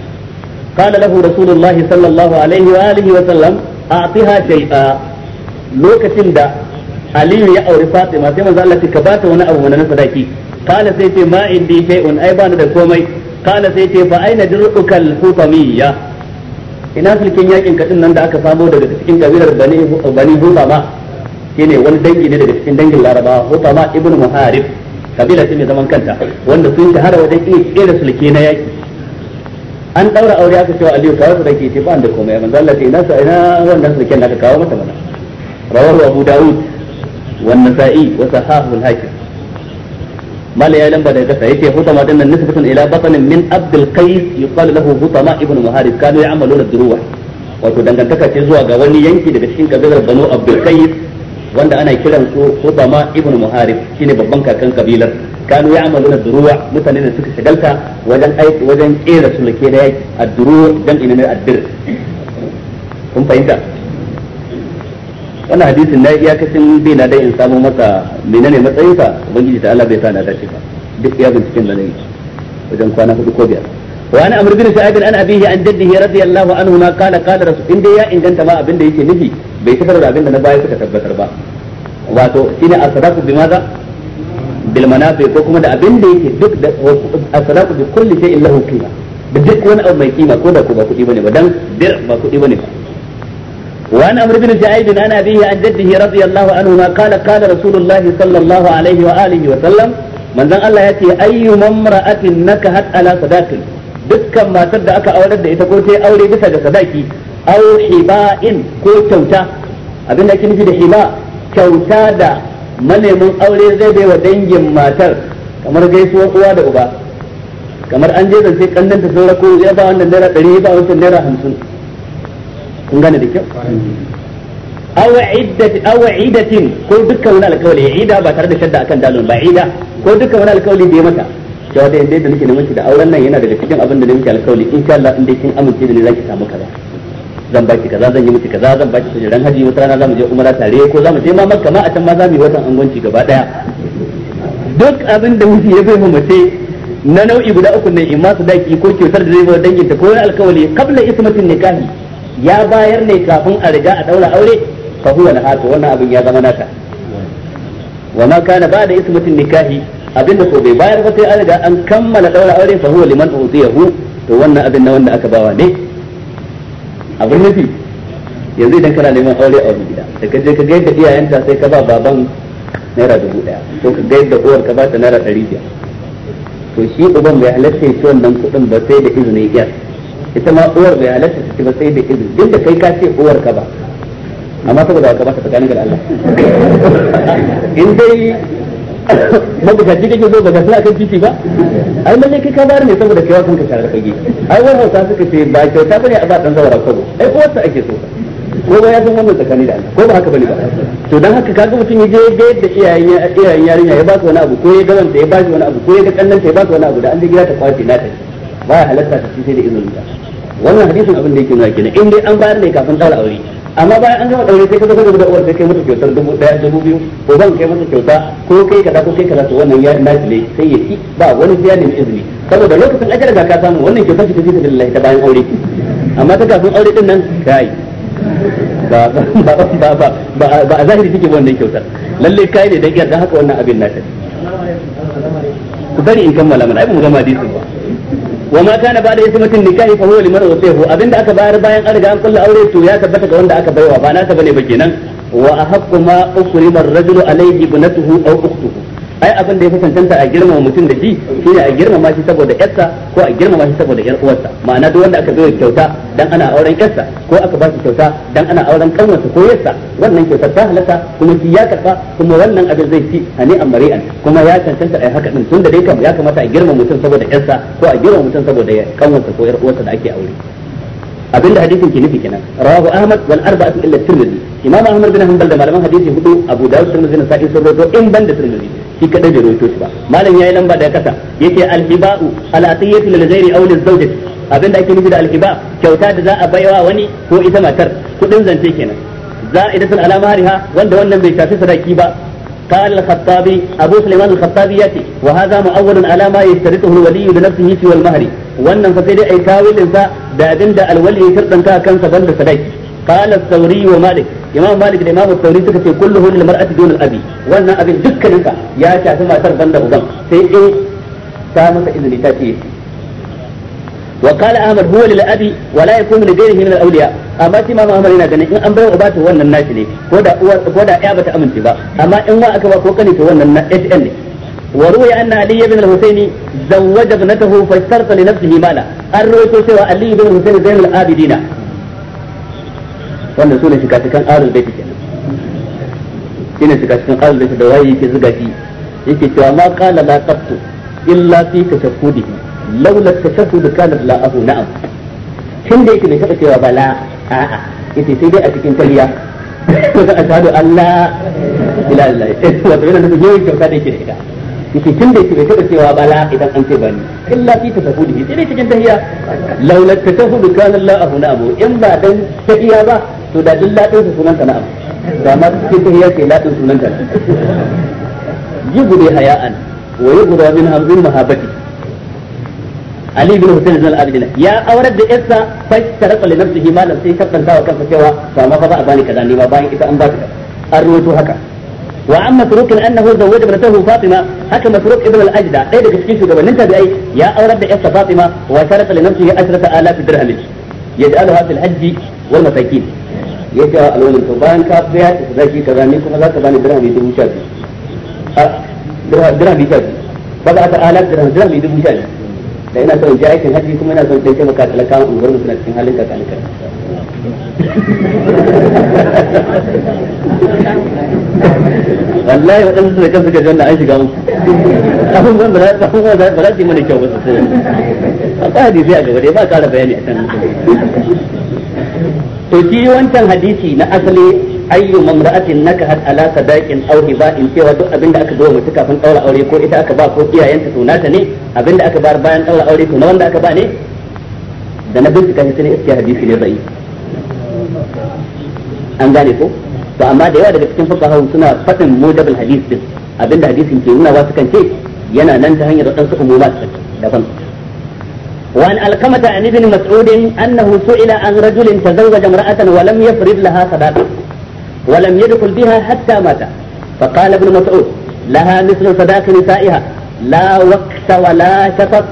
qala lahu rasulullahi sallallahu alaihi wa alihi wa sallam a'tiha shay'a lokacin da aliyu ya auri fatima sai manzo Allah ka bata wani abu na sadaki kala sai ce ma ai bani da komai kala sai ce fa aina dirukal hutamiyya ina sulkin yakin kadin nan da aka samo daga cikin kabilar bani bani hutama shine wani dangi ne daga cikin dangin larabawa hutama ibn muharib kabila ce mai zaman kanta wanda sun shahara wajen iya kera sulke na yaki an daura aure aka cewa aliyu kawo da ke ce ba da komai manzo Allah ce ina sa ina wannan sulken da aka kawo mata mana rawahu abu daud wan nasa'i wa sahahu al-hakim mala ya lamba daga kasa yace hutama din nan nisbatun ila batanin min abdul qais yuqalu lahu hutama ibn muharib kanu ya'maluna duruwa wato dangantaka ce zuwa ga wani yanki daga cikin kabilar banu abdul qais wanda ana kiran su hutama ibn shi ne babban kakan kabilar kanu ya'maluna duruwa mutane da suka shagalta wajen aiki wajen kera sulke da yaki ad dir kun fahimta wannan hadisin na iyakacin bai na dai in samu masa menene matsayinsa ubangiji ta Allah bai sa na dace ba duk ya binciken da nayi wajen kwana hudu ko biyar wa ana amr bin sa'id an abihi an jaddihi radiyallahu anhu ma kana qala rasul inda ya inganta ma abinda yake nufi bai tafar da abinda na baya suka tabbatar ba wato shine asdaqu bimaza bil manafi ko kuma da abinda yake duk da asadaku bi kulli shay'in lahu qima da duk wani abu mai kima ko da ko ba kudi bane ba dan dir ba kudi bane ba وعن عمرو بن جعيد عن أبيه عن جده رضي الله عنهما قال قال رسول الله صلى الله عليه وآله وسلم من ذن الله يأتي أي امرأة نكهت على صداق dukkan matar da aka aurar da ita ko ta aure bisa ga sadaki au hiba'in ko kyauta abinda ake nufi da hiba kyauta da manemin aure zai bai wa dangin matar kamar gaisuwar uwa da uba kamar an je zance kannan ta saurako ya ba wannan naira 100 ya ba wannan naira 50 kun gane da kyau awa iddati awa ko dukkan wani alkawali ya ida ba tare da shadda akan dalil ba ida ko dukkan wani alkawali da ya mata cewa da yanda nake neman da auren nan yana daga cikin abin da nake alkawali insha Allah in dai kin amince da ni zaki samu kaza zan baki kaza zan yi miki kaza zan baki kujeran haji wata rana zamu je umara tare ko zamu je ma makka ma a can ma za mu yi watan angonci gaba daya duk abin da ya bai mu mace na nau'i guda uku ne imma daki ko kyautar da zai bar danginta ko wani alkawali kabla ismatin nikahi ya bayar ne kafin a riga a daura aure fa huwa haka wannan abin ya zama naka wa ma kana da ismatin nikahi abinda ko bai bayar ba sai an riga an kammala daura aure fa huwa liman utiyahu to wannan abin na wanda aka bawa ne abin nafi yanzu idan kana neman aure a wani gida da ka ka ga yadda sai ka ba baban naira dubu daya ko ka ga da uwar ka ba ta naira ɗari biyar to shi uban bai halatta shi wannan kuɗin ba sai da izinin iyar ita ma uwar bai halatta ta ci ba sai da izini duk da kai ka ce uwar ka ba amma saboda ka ba ta tsakanin da Allah in dai ji kake zo baka suna kan titi ba ai lalle kai ka bar ne saboda kewa ka tare da fage ai wani hausa suka ce ba kyauta bane a ba dan zawara kwabo ai ko wata ake so ko ba ya san wannan tsakani da Allah ko ba haka bane ba to dan haka kaga mutum ya je ga yadda iyayen iyayen yarinya ya ba su wani abu ko ya gaban ta ya ba shi wani abu ko ya ga kallon ta ya ba su wani abu da an je gida ta kwace na ta ba ya halatta ta ci sai da izinin ta wannan hadisin abin da yake nuna kenan in dai an bayar ne kafin tsara aure amma bayan an gama aure sai ka zama da uwar kai mata kyautar dubu daya dubu biyu ko ban kai mata kyauta ko kai kaza ko kai kaza to wannan ya naci ne sai ya ci ba wani sai izini saboda lokacin ajar da ka samu wannan kyautar ta fita lillahi ta bayan aure amma ta kafin aure din nan kai ba ba ba ba ba ba a zahiri take wannan kyautar lalle kai ne dan yarda haka wannan abin nata ku bari in kammala mana ai mu gama hadisin ba wa ma kana ba da ismatin nikahi fa huwa liman wasihu abinda aka bayar bayan an riga an aure to ya tabbata ga wanda aka baiwa ba nasa bane ba kenan wa ahqqu ma ukrima ar na alayhi au aw ukhtuhu ai abin da ya fi cancanta a girmama mutum da shi shi ne a girmama shi saboda yarsa ko a girmama shi saboda yar uwarsa ma'ana duk wanda aka zo kyauta dan ana auren yarsa ko aka ba shi kyauta dan ana auren kanwarsa ko yarsa wannan kyautar ta halatta kuma shi ya karba kuma wannan abin zai ci hani amari'an kuma ya cancanta yi haka din tun da dai kam ya kamata a girmama mutum saboda yarsa ko a girmama mutum saboda kanwarsa ko yar uwarsa da ake aure abinda hadisin ke nufi kenan rawahu ahmad wal arba'atu illa tirmidhi imam ahmad bin hanbal da malaman hadisi hudu abu dawud tirmidhi na sa'i sun in banda tirmidhi shi kadai da rawaito shi ba malam yayi lamba da kasa yace al-hiba'u al-atiyatu lil ghairi aw lil zawjati abinda ake nufi da al-hiba kyauta da za a baiwa wani ko ita matar kudin zance kenan za a za'idatun alama mahriha wanda wannan bai shafi sadaki ba قال الخطابي أبو سليمان الخطابي يأتي وهذا مؤول على ما يشترطه الولي لنفسه سوى المهر وأن فسيد أي كاول إنسا دا أبن دا الولي شرطا كا كان سبل قال الثوري ومالك imam malik da imam sauri suka ce kulluhu lil mar'ati dunul abi wannan abin dukkanin ka ya shafi matar banda uban sai in ta masa izini ta ce wa qala ahmad huwa lil abi wa la yakunu li ghayrihi min al awliya amma shi imam ahmad yana ganin in an bai uba to wannan nashi ne ko da uwa ko da ya bata amince ba amma in wa aka ba ko kane to wannan na HN ne وروي أن علي بن الحسين زوج ابنته فاشترط لنفسه مالا الروي سوى علي بن الحسين زين العابدين wannan su ne shiga cikin arin da shi shine shiga cikin arin baiti da waye yake zuga shi yake cewa ma qala la qattu illa fi tashahhudihi laula tashahhud kana la abu na'am kin da yake bai taba cewa bala a'a yace sai dai a cikin kariya ko za a shahadu Allah ila Allah wato yana nufin yawan kyauta da yake da ita yake kin da yake bai taba cewa bala idan an ce bani illa fi tashahhudihi sai dai cikin dahiya laula tashahhud kana la abu na'am in ba dan tahiya ba to da duk ladin su sunanta na abu da ma cikin tahiyar ke ladin sunanta yi gude haya'an wa yi guda min hamzin mahabati Ali bin Hussein bin Al-Abidin ya aurar da yarsa fa tarqa li nafsihi malan sai shakkanta wa kansa cewa ba ma fa ba a bani kaza ne ba bayan ita an ba ta haka an ruwaito haka وعن مسروق انه زوج ابنته haka حكى مسروق ابن الاجدع اي daga cikin shugabannin tabi'ai ya aurar da yarsa Fatima wa sharata li nafsihi 10000 dirham yaj'alha fil hajj wal masakin ya ce alwalin to bayan ka biya ta zaki kaza ni kuma za ka bani dirhami dubu sha biyu dirhami sha biyu ba za ta ala dirhami dirhami dubu sha biyu da ina son je aikin hajji kuma ina son ɗan taimaka talakawa unguwar mu suna cikin halin kakanika wallahi waɗansu su da kansu ga janna an shiga musu abin ban ba za su ba za su yi mana kyau ba su sai a ba hadisi a gaba dai ba ƙara bayani a can to shi wancan hadisi na asali ayyu mamra'atin nakahat ala sadaqin aw hiba'in cewa duk abinda aka zo mutu kafin daura aure ko ita aka ba ko iyayenta to nata ne abinda aka bar bayan daura aure to na wanda aka ba ne da na bincika shi sai iskiya hadisi ne zai an gane ko to amma da yawa daga cikin fuqaha suna fadin mudabil hadis din abinda hadisin ke nuna wa sukan ce yana nan ta hanyar dan su da daban وعن علقمة عن ابن مسعود أنه سئل عن رجل تزوج امرأة ولم يفرض لها صداقة ولم يدخل بها حتى مات فقال ابن مسعود لها مثل صداق نسائها لا وقت ولا شطط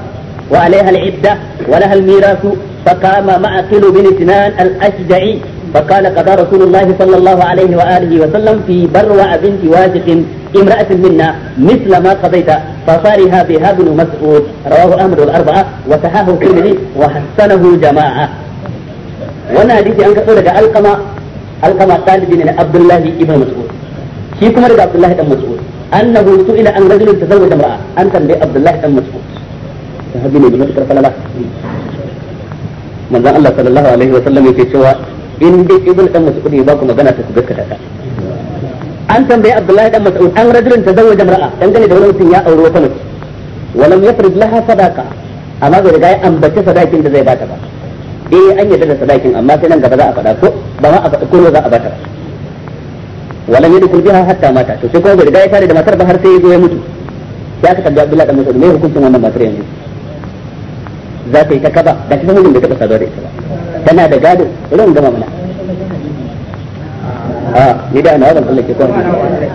وعليها العدة ولها الميراث فقام معقل بن سنان الأشجعي فقال قضى رسول الله صلى الله عليه وآله وسلم في بروع بنت واثق امرأة منا مثل ما قضيت فصارها بها ابن مسعود رواه أحمد الأربعة وصححه الترمذي وحسنه جماعة وانا حديثي أنك تقول لك ألقما ألقما قال من عبد الله ابن مسعود شيكم رجع عبد الله بن مسعود أنه سئل أن رجل تزوج امرأة أنت بن عبد الله بن مسعود فهبني بن مسعود صلى الله عليه وسلم الله صلى الله عليه وسلم يقول إن ابن مسعود يباكم an tambayi Abdullahi dan Mas'ud an rajulun tazawwaja mar'a dangane da wani mutum ya aure wata mace walam yafrid laha sadaqa amma bai riga ya ambace sadakin da zai bata ba eh an yadda da sadakin amma sai nan gaba za a faɗa ko ba ma a faɗa ko za a bata ba walam yadkul biha hatta mata to sai kuma bai riga ya tare da matar ba har sai ya zo ya mutu sai aka tambayi Abdullahi dan Mas'ud me hukuncin wannan matar yanzu za ta yi ta kaba da ta mijin da ta kasa da ita ba tana da gado irin gama mana a ni da ina wannan tsallake kwan sai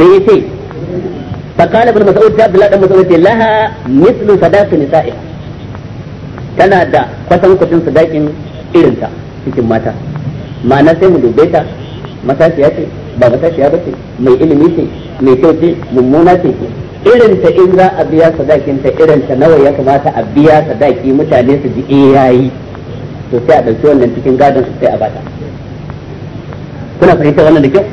ya ce فقال ابن مسعود جاب بلاد مسعود لها مثل صداق نسائها tana da kwasan kwacin sadakin irinta cikin mata ma'ana sai mu dube ta matashiya ce ba matashiya ba ce mai ilimi ce mai kyau ce mummuna ce irinta in za a biya sadakin ta irinta nawa ya kamata a biya sadaki mutane su ji iyayi? Eh, yayi to sai a ɗauki wannan cikin gadon su sai a bata kuna fahimtar wannan da kyau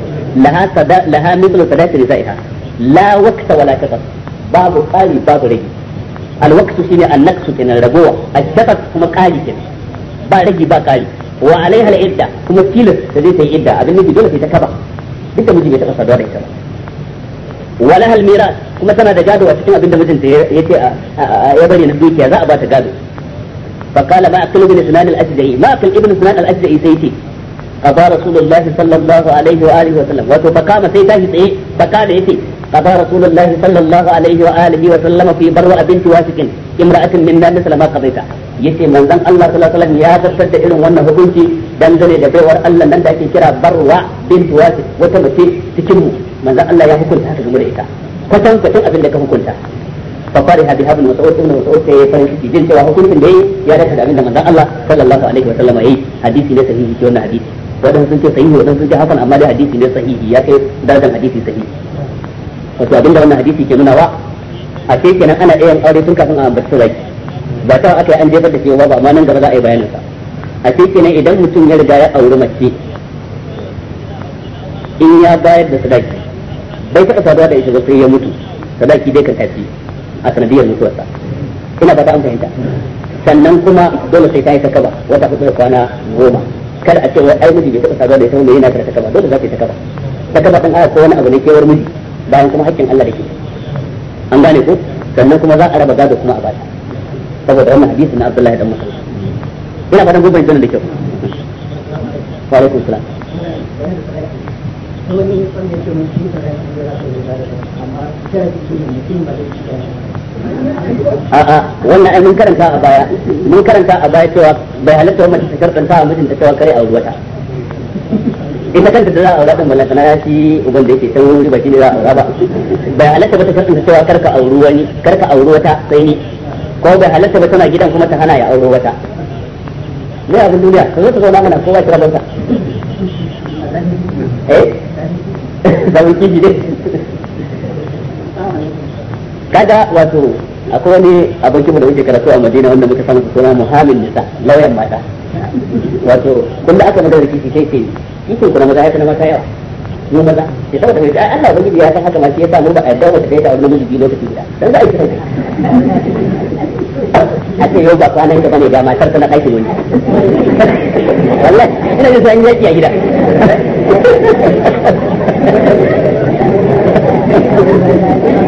laha sada laha mithlu sadaqati nisaiha la waqta wala tafas babu qali babu rage al waqtu shine an naqsu kenan ragowa al tafas kuma qali kenan ba rage ba qali wa alaiha al idda kuma tilas da zai ta yi idda abin da dole sai ta kaba duka miji bai taɓa saduwa da ita ba wala hal miras kuma tana da gado a cikin abin da mijinta ya ce ya bari na dukiya za a ba ta gado فقال ما أكل ابن سنان الأجزعي ما أكل ابن سنان الأجزعي سيتي قضى رسول الله صلى الله عليه وآله وسلم وتفقام سيتاه سيه فقال يتي قضى رسول الله صلى الله عليه وآله وسلم في بروة بنت واسك امرأة منا مثل ما قضيتها yace manzon Allah sallallahu alaihi wasallam ya zartar da irin wannan hukunci dangane da baiwar Allah nan da ake kira barwa bint wasi wata mace cikin mu manzon Allah ya hukunta haka game da ita kwatan kwatan abin da ka hukunta ففرح بها ابن مسعود ابن مسعود sai farin ciki jin cewa hukuncin da ya dace da abin da manzon Allah sallallahu alaihi wa sallam yayi hadisi ne sahihi ke wannan hadisi wadan sun ce sahihi wadan sun ce hasan amma dai hadisi ne sahihi ya kai darajar hadisi sahihi wato abin da wannan hadisi ke nunawa a ce kenan ana iya yin aure tun kafin a ambaci zaki ba ta aka yi an jefa da cewa ba amma nan gaba za a yi bayanin sa a ce kenan idan mutum ya riga ya auri mace in ya bayar da sadaki bai taɓa saduwa da ita ba sai ya mutu sadaki dai kan tafi a sanadiyar mutuwarsa ina ba ta an fahimta sannan kuma dole sai ta yi takaba wata hudu da kwana goma kada a ce wai ai miji bai taɓa saduwa da ita wanda yana da takaba dole za ta yi takaba takaba ɗan aya ko wani abu ne kewar miji bayan kuma haƙƙin Allah da ke an gane ko sannan kuma za a raba gado kuma a bata saboda wannan hadisi na Abdullahi dan Musa ina fatan gobe zan da kyau wa alaikum salam a'a wannan ai mun karanta a baya mun karanta a baya cewa bai halatta wa ta karanta a mijinta cewa kare a wata ita kanta da za a aura din wannan shi uban da yake san wuri ba shi ne za a aura ba bai halatta ba ta karanta cewa karka auri wani karka auri wata sai ni ko bai halatta ba tana gidan kuma ta hana ya auro wata ne abin duniya ka zo ka zauna mana kowa kira banka eh zawon kishi dai kaga wato akwai wani abokin mu da muke karatu a Madina wanda muka samu suna Muhammin Nisa lauyan mata wato kullum aka magana da kishi sai sai kishin kuna maza ya kana mata yawa mu maza ya saboda mai ai Allah ubangiji ya san haka ma shi yasa mun ba a yarda wata kai ta wani miji lokaci guda dan za a yi kiran a ce yau ba kwanan ka bane ga matar ta na ɗakin wani wallahi ina da san yaki a gida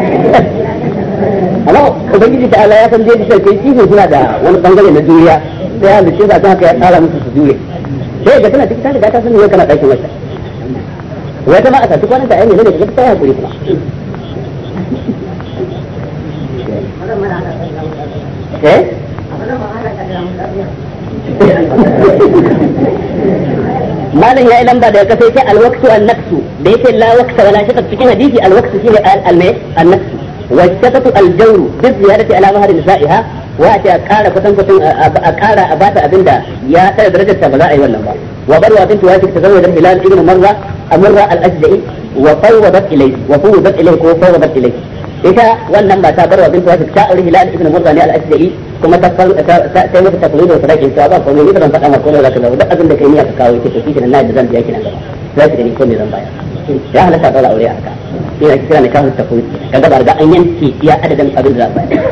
amma ubangiji ta Allah ya san da kai kifin suna da wani bangare na juriya sai ya halice za ta haka ya tsara musu su jure sai ga cikin riga ta san kana ɗakin wata wata ma a tafi kwanan ta ne da ta eh malam ya yi lamba yake alwaktu annaksu da yake la wakta wala shakka cikin hadisi alwaktu shine al-mai والشقة الجور بالزيادة على مهر نسائها وأتي أكارا كتن كتن أكارا أبات أبندا يا ترى درجة تبلاء والنبا وبروى بنت واسك تزوج الهلال ابن مرة أمر الأجزئي وفوضت إليه وفوضت إليه وفوضت إليه ita wannan ba ta barwa bin tuwafi ta aure hilal ibn murza ne al-asdai kuma ta sai mata takwai da sadaki ta ba komai ita ban faɗa ma komai zaka dawo duk abin da kai niyya ka kawo kike kike nan da zan biya kina gaba za ki gani komai zan baya ya halatta ba aure a shi ne kira nikahun takwif kaga ba riga an yanke ya adadin abin da za a bayar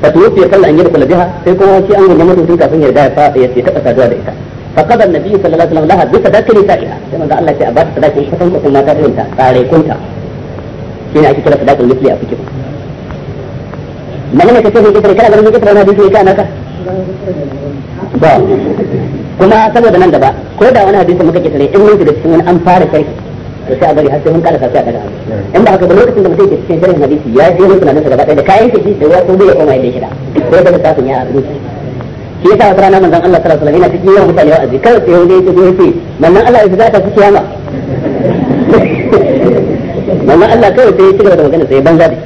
fa tuwfi qabla an kula biha sai kuma shi an gama mutum kafin ya riga ya ya ta saduwa da ita fa qada annabi sallallahu alaihi wasallam laha bi sadaqati nisa'iha sai manzo Allah ya ba sadaqin kusan kusan mata kuma ta tsare kunta shi ne ake kira sadaqul misli a cikin magana kace mun kira kana ganin kira na dinki kana ka ba kuma saboda nan gaba ko da wani hadisi muka kitare in mun shiga cikin an fara sharhi to sai a bari har sai mun karasa sai a daga in ba haka ba lokacin da mutum ke cikin sharhin hadisi ya je ne tunanin sa gaba da kayan shi da ruwa ko bai koma yadda shida ko da lissafin ya rubuta shi yasa wata rana manzon Allah sallallahu alaihi wasallam yana cikin yawan mutane wa'azi kar sai wani yake zo yake manzon Allah ya zata fiki yama manzon Allah kawai sai ya ci da magana sai banza da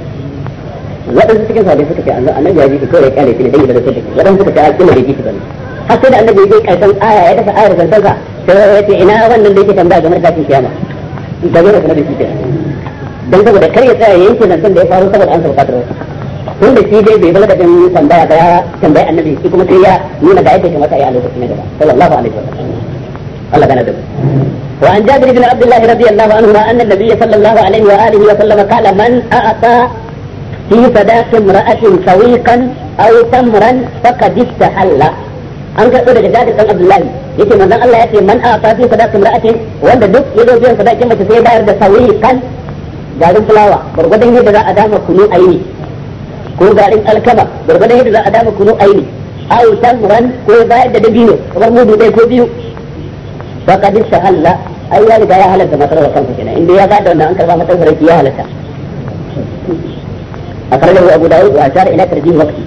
waɗansu cikin sahabbai suka ce annabi ya ji shi kawai ya kyale shi ne dan ya da shi waɗansu suka ce a kila da ji shi bane har sai da annabi ya je karshen aya ya dasa ayar zantansa sai ya ce ina wannan da yake tambaya game da tashin kiyama da zai rasu na biki kenan don saboda kar ya tsaya yanke zancen da ya faru saboda an sauka tarwa tun da shi dai bai bala da bin tambaya da tambaya annabi shi kuma sai ya nuna da yadda kamata ya lokacin da sallallahu alaihi wasallam Allah gana da وعن جابر بن عبد الله رضي الله عنهما أن النبي صلى الله عليه وآله وسلم قال من أعطى في صداق امرأة سويقا أو تمرا فقد استحل أنك قد جابر بن عبد الله yake manzon Allah ya ce man a fa fi sadaqati imra'atin wanda duk ya zo biyan sadaqin mace sai bayar da sauri kan garin fulawa gurgurdan yadda za a dama kunu aini ko garin alkama gurgurdan yadda za a dama kunu aini aw tamran ko bayar da dabino kamar mudu dai ko biyu ba ka dinsa Allah ai ya riga ya halatta matar da kansa kenan inda ya ba da wannan an karba matar sarki ya halatta akhrajahu abu dawud wa ashara ila tarjih waqti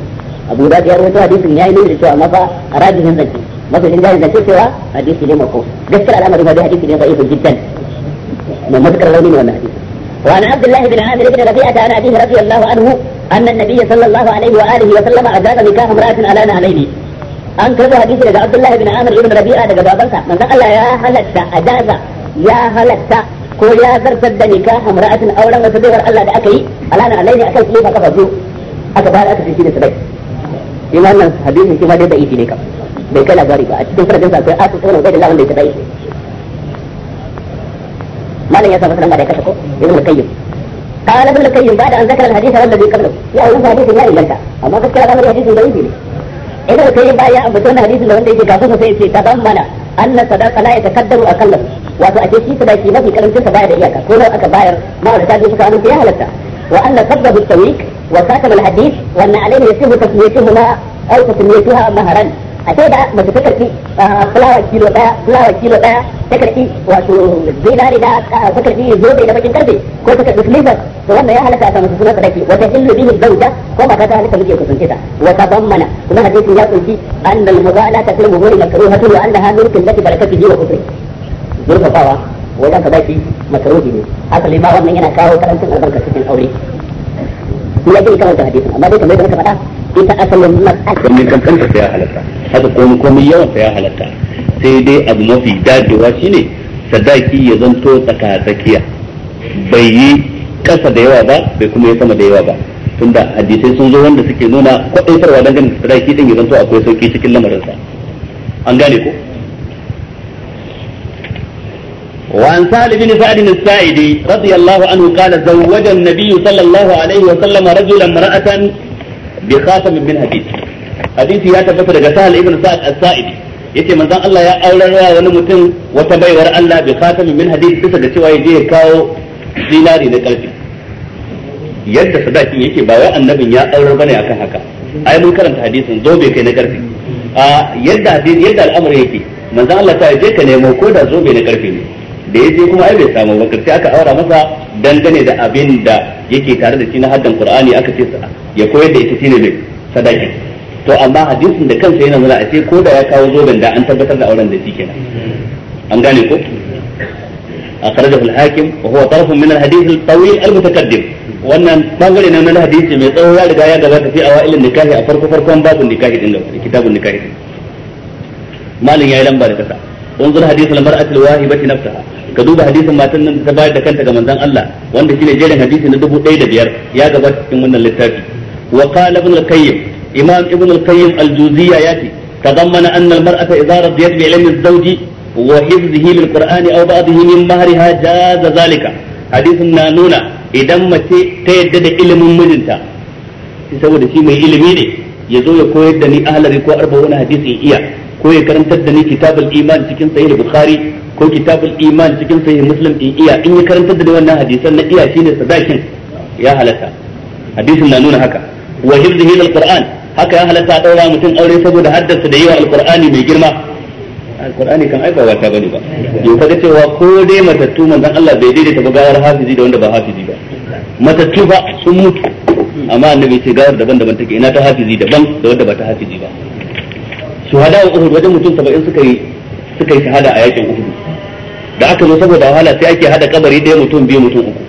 abu dawud ya rawaito hadisin yayi ne da cewa amma fa rajihin zance masu injani da ce cewa hadisi ne mako gaskiyar al'amari ba dai hadisi ne da'ifin jiddan mai matukar rauni ne wannan hadisi وعن عبد الله بن عامر بن ربيعة عن أبيه رضي الله عنه أن النبي صلى الله عليه وآله وسلم أجاب نكاح امرأة على نهلين an karbo hadisi daga Abdullahi bin Amr ibn Rabi'a daga babansa manzon Allah ya halatta ajaza ya halatta ko ya zartar da nikah imra'atin auren wata dawar Allah da aka yi alana alaini akan kifa kafa biyu aka bayar aka tafi da sabai imanin hadisin shi ma dai ne bai kai labari ba a cikin sanadin akwai asin ibn ubaidillah wanda yake dai malam ya sa masa lamba da kashe ko ibn al-qayyim قال ابن القيم بعد ان ذكر الحديث الذي قبله يا ايها الحديث يا ايها اما فكر هذا الحديث ضعيف ابن القيم بعد ان ذكر الحديث الذي قبله سيتي تضمن أن صداقة لا يتقدر أقله wato ake shi sadaki mafi karancin sa baya da iyaka ko nawa aka bayar ma da biyu suka amince ya halatta wa anna sabba bi tawik wa katam al hadith wa anna alayhi yasibu tasmiyatuhuma aw tasmiyatuha maharan a sai da mace ta karfi fulawa kilo daya fulawa kilo daya ta karfi wato zinari da ta karfi zobe da bakin karfe ko ta karfi silver to wannan ya halatta ta musu sunan sadaki wata illu bihi zauja ko ba ta halatta muke kusance ta wa tabammana kuma hadisin ya kunshi annal mudalata fil muhuri makruhatu wa anda annaha mulkun lati barakatihi wa kufri zurfafawa wajen ka baki makaruhi ne asali ma wannan yana kawo karancin albarka cikin aure ya dai kamar hadisin amma dai kamar da muka faɗa ita asalin matsala komai kankanta ya halatta haka komai yawan ya halatta sai dai abu mafi dadewa shine sadaki ya zanto tsaka tsakiya bai yi kasa da yawa ba bai kuma yi sama da yawa ba tunda hadisai sun zo wanda suke nuna kwaɗaitarwa dangane da sadaki din ya zanto akwai sauki cikin lamarinsa an gane ko وعن سهل بن سعد الساعدي رضي الله عنه قال زوج النبي صلى الله عليه وسلم رجلا امرأة bi min hadid hadisi ya tabbata daga sahal ibn sa'ad as yace manzon Allah ya ya wani mutum wata baiwar Allah bi khatamin min hadid bisa da cewa yaje ya kawo dinari na karfi yadda sadakin yake ba wai annabin ya aurar bane akan haka ai mun karanta hadisin zo bai kai na karfi a yadda hadisi yadda al'amari yake manzon Allah ta je ka nemo ko da zo bai na karfi ne da yaje kuma ai bai samu ba sai aka aura masa dangane da abin da yake tare da shi na haddan qur'ani aka ce ya koyar da ita shine mai sadaki to amma hadisin da kansa yana nuna ko da ya kawo zoben da an tabbatar da auran da shi kenan an gane ko akhrajahu al-hakim wa huwa tarfun min al-hadith al-tawil al-mutaqaddim wannan bangare ne na hadisi mai tsawo ya riga ya da zata fi awailin nikahi a farko farkon babun nikahi din da kitabun nikahi malin yayi lamba da kasa unzur hadith al-mar'atu al-wahibati nafsaha ka duba hadisin matan nan ta bayar da kanta ga manzon Allah wanda shine jerin hadisi na dubu ɗaya da biyar ya gabata cikin wannan littafi wa qala ibn al-qayyim imam ibn al-qayyim al-juziyya yati tadammana anna al-mar'ata idza radiyat bi ilmi az-zawj wa hifdhihi lil-qur'an aw ba'dihi min mahriha jaza zalika hadisin na nuna idan mace ta yadda da ilimin mijinta saboda shi mai ilimi ne ya zo ya koyar da ni ahlari ko arba wani hadisi iya ko ya karantar da ni kitabul iman cikin sahih bukhari ko kitabul iman cikin sahih muslim in iya in yi karanta da wannan hadisan na iya shine sadakin ya halatta hadisin na nuna haka wa hifdhihi alquran haka ya halatta daura mutum aure saboda haddasa da yawa alqur'ani mai girma alqur'ani kan aika wata bane ba yau kaga cewa ko dai matattu manzon Allah bai daidaita ba gawar hafizi da wanda ba hafizi ba matattu ba sun mutu amma annabi ce gawar daban-daban take ina ta hafizi daban da wanda ba ta hafizi ba shuhada wa uhud wajen mutum 70 suka yi suka yi shahada a yakin uhud da aka zo saboda wahala sai ake hada kabari ɗaya mutum biyu mutum uku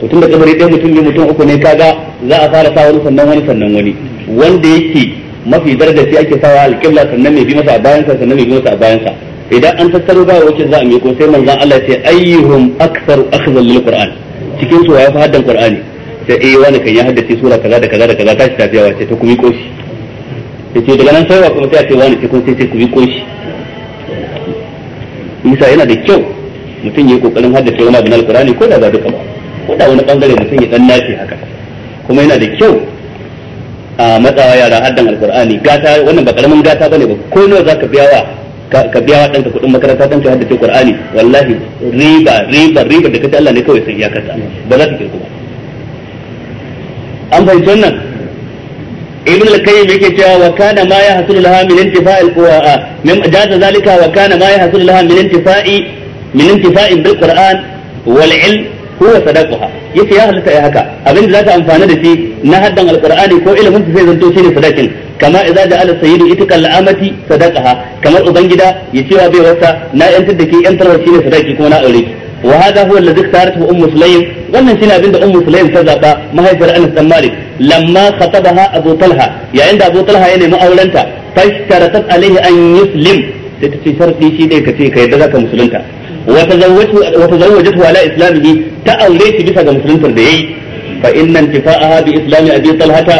to tunda kabari ɗaya mutum biyu mutum uku ne kaga za a fara sa wani sannan wani sannan wani wanda yake mafi daraja sai ake sawa alƙibla sannan mai bi masa a bayan sa sannan mai bi masa a bayan sa idan an tattaro ba wacce za a miko sai manzon Allah ya ce ayyuhum aktsaru akhzan lil qur'an cikin su waye fa haddan qur'ani sai eh wani kan ya haddace sura kaza da kaza da kaza tashi tafiya wace ta kuma koshi yace daga nan sai wa kuma sai a ce wani sai kun sai ku kuma koshi isa yana da kyau mutum ya yi kokarin haddace wani abin alkurani ko da ba duka ba ko da wani bangare mutum ya dan nace haka kuma yana da kyau a matsawa yara haddan alkurani gata wannan ba karamin gata bane ba ko nawa zaka biya wa ka biya wa danka kudin makaranta dan ka haddace qur'ani wallahi riba riba riba da kace Allah ne kawai sai ya kasa ba za ka kirku ba an fahimci wannan ibn al-qayyim yake cewa wa kana ma ya hasulu laha min intifa'il qura'a min jaza zalika wa kana ya hasulu laha min intifa'i min intifa'in bil qur'an wal ilm huwa sadaqaha halitta ya haka abin da zaka amfana da shi na haddan alkur'ani ko ilimin sai zanto shine sadakin kama idza ja'ala sayyidu itika al'amati sadaqaha kamar ubangida ya cewa bai wasa na yantar da ke yantarwa shine sadaki kuma na aure وهذا هو الذي اختارته ام سليم wannan shine abinda ummu sulaim ta zaba mahaifiyar Anas dan Malik lamma khatabaha abu talha yayin da abu talha ya nemi aurenta fashtaratat alaihi an yuslim sai ta ce sharfi shi ne ka ce ka yadda zaka musulunta wa tazawwajatu ala islamihi ta aure shi bisa ga musuluntar da yayi fa inna intifa'aha bi islami abi talhata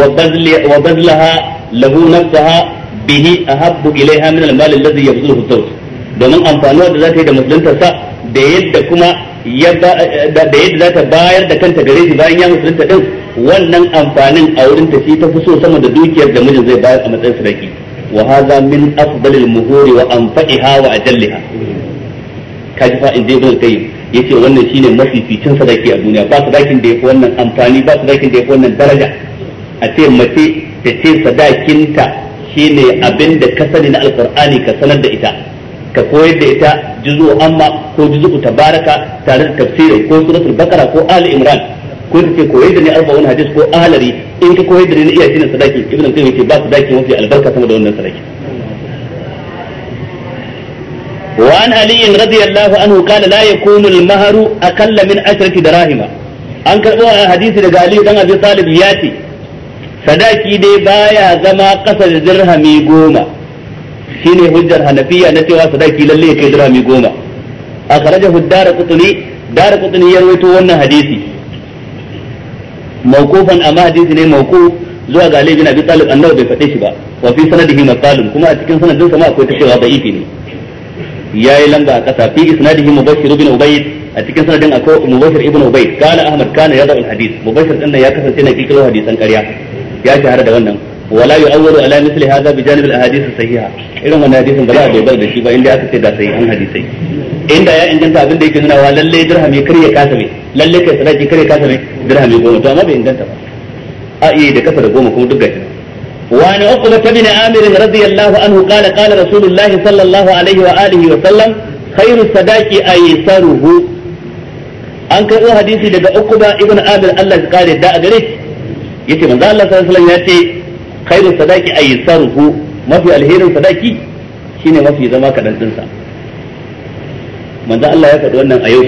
wa bazli wa bazlaha lahu nafsaha bihi ahabbu ilaiha min al-mal alladhi yabzuluhu zawj domin amfanuwa da za ta yi da musuluntar sa da yadda kuma da yadda za ta bayar da kanta gare shi bayan ya musulunta din wannan amfanin a wurin ta shi ta fi so sama da dukiyar da mijin zai bayar a matsayin sadaki wa hadha min afdalil muhuri wa anfa'iha wa ajalliha kaji fa in dai ibn qayyim yace wannan shine ficin sadaki a duniya ba sadakin da yafi wannan amfani ba sadakin da yafi wannan daraja a ce mace ta ce sadakinta shine abin da ka sani na alqur'ani ka sanar da ita ka koyar da ita juzu amma ko juzu tabaraka tare da tafsirin ko suratul bakara ko ali imran ko ta ce koyar da ni arba'un hadis ko alari in ka koyar da ni iya shine sadaki ibn qayyim yace ba sadaki mafi albarka sama da wannan sadaki wa an ali radiyallahu anhu kana la yakunu al-mahru aqalla min ashrati darahima an karbo a hadisi daga ali dan abi talib ce sadaki dai baya zama kasa da dirhami goma shine hujjar hanafiya na cewa sadaki lalle kai dirhami goma akhrajahu ad-darqutni darqutni ya rawaito wannan hadisi mawqufan amma hadisi ne mawquf zuwa ga Ali bin Abi Talib annahu bai faɗe shi ba wa fi sanadihi maqalun kuma a cikin sanadin sa ma akwai ta cewa da'ifi ne yayi lamba a kasa fi isnadihi mubashir ibn ubayd a cikin sanadin akwai mubashir ibn ubayd kana ahmad kana yada al hadith mubashir din ya kasance na kikiro hadisan ƙarya ya shahara da wannan wala yu'awwalu ala misli hadha bi janib al ahadith sahiha irin wannan hadisin ba za a dogara da shi ba inda aka ce da sahihan hadisai inda ya inganta abin da yake nuna wa lalle dirhami kar ya kasa mai lalle kai sana ki kare kasa ne dirhami goma to amma bai inganta ba a yi eh, da kasa da goma kuma duk gashi وعن عقبة بن عامر رضي الله عنه قال قال رسول الله صلى الله عليه وآله وسلم خير الصداق أيسره an karɓo hadisi daga Uqba ibn Amir Allah ya kare da gare shi yace manzo Allah sallallahu alaihi wa wasallam ya ce khairu sadaqi aysaruhu mafi alherin sadaki shine mafi zama kadan dinsa manzo Allah ya faɗi wannan a yau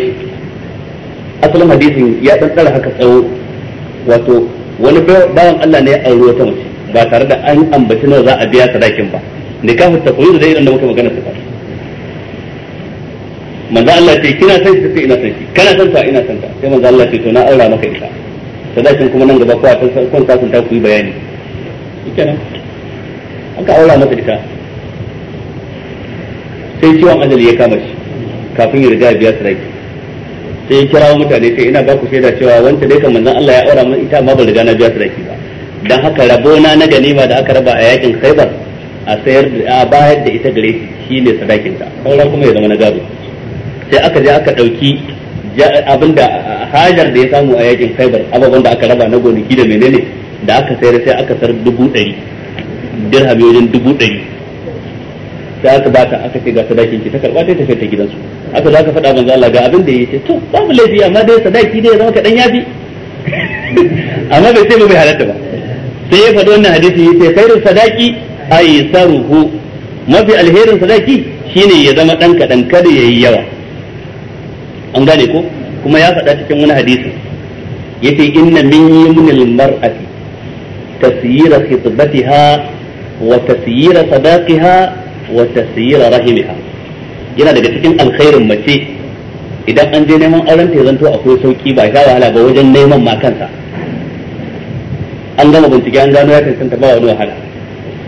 asalin hadisin ya dan tsara haka tsawo wato wani bayan Allah ne ya aure wata mace ba tare da an ambaci nawa za a biya sadakin ba nikahu tafwid da irin da muka magana ta manzo Allah ce kina san shi sai ina san shi kana san ta ina san ta sai manzo Allah ce to na aura maka ita sadakin kuma nan gaba ko a kun kun ta ku yi bayani kenan aka aura maka ita sai ciwon ajali ya kama shi kafin ya riga biya sadaki sai ya kira mutane sai ina ba ku shaida cewa wancan dai kamar manzon Allah ya aura mun ita amma ba riga na biya sadaki ba dan haka rabo na na ganima da aka raba a yakin Khaibar a sayar a bayar da ita gare shi shine sadakin ta sauran kuma ya zama na gado sai aka je aka dauki abinda hajar da ya samu a yakin Khaibar ababen da aka raba na gonaki da menene da aka sayar sai aka sar dubu ɗari dubu ɗari sai aka bata aka ce ga sadakin ki ta karba sai ta fita gidansu aka za ka faɗa manzo Allah ga abin da yake to babu laifi amma dai sadaki dai ya zama kaɗan yafi amma bai sai bai halatta ba sai ya faɗi wannan hadisi ya ce khairul sadaki aisaruhu mafi alherin sadaki shine ya zama dan kaɗan kada yayi yawa an gane ko kuma ya faɗa cikin wani hadisi yace inna min yumnil mar'ati tasyira khitbatiha wa tasyira sadaqiha وتسيير رحمها rahimiha yana daga cikin alkhairin mace idan an je neman auren ta zanto akwai sauki ba sha wahala ba wajen neman ma kansa an gama bincike an gano ya kanta ba wani wahala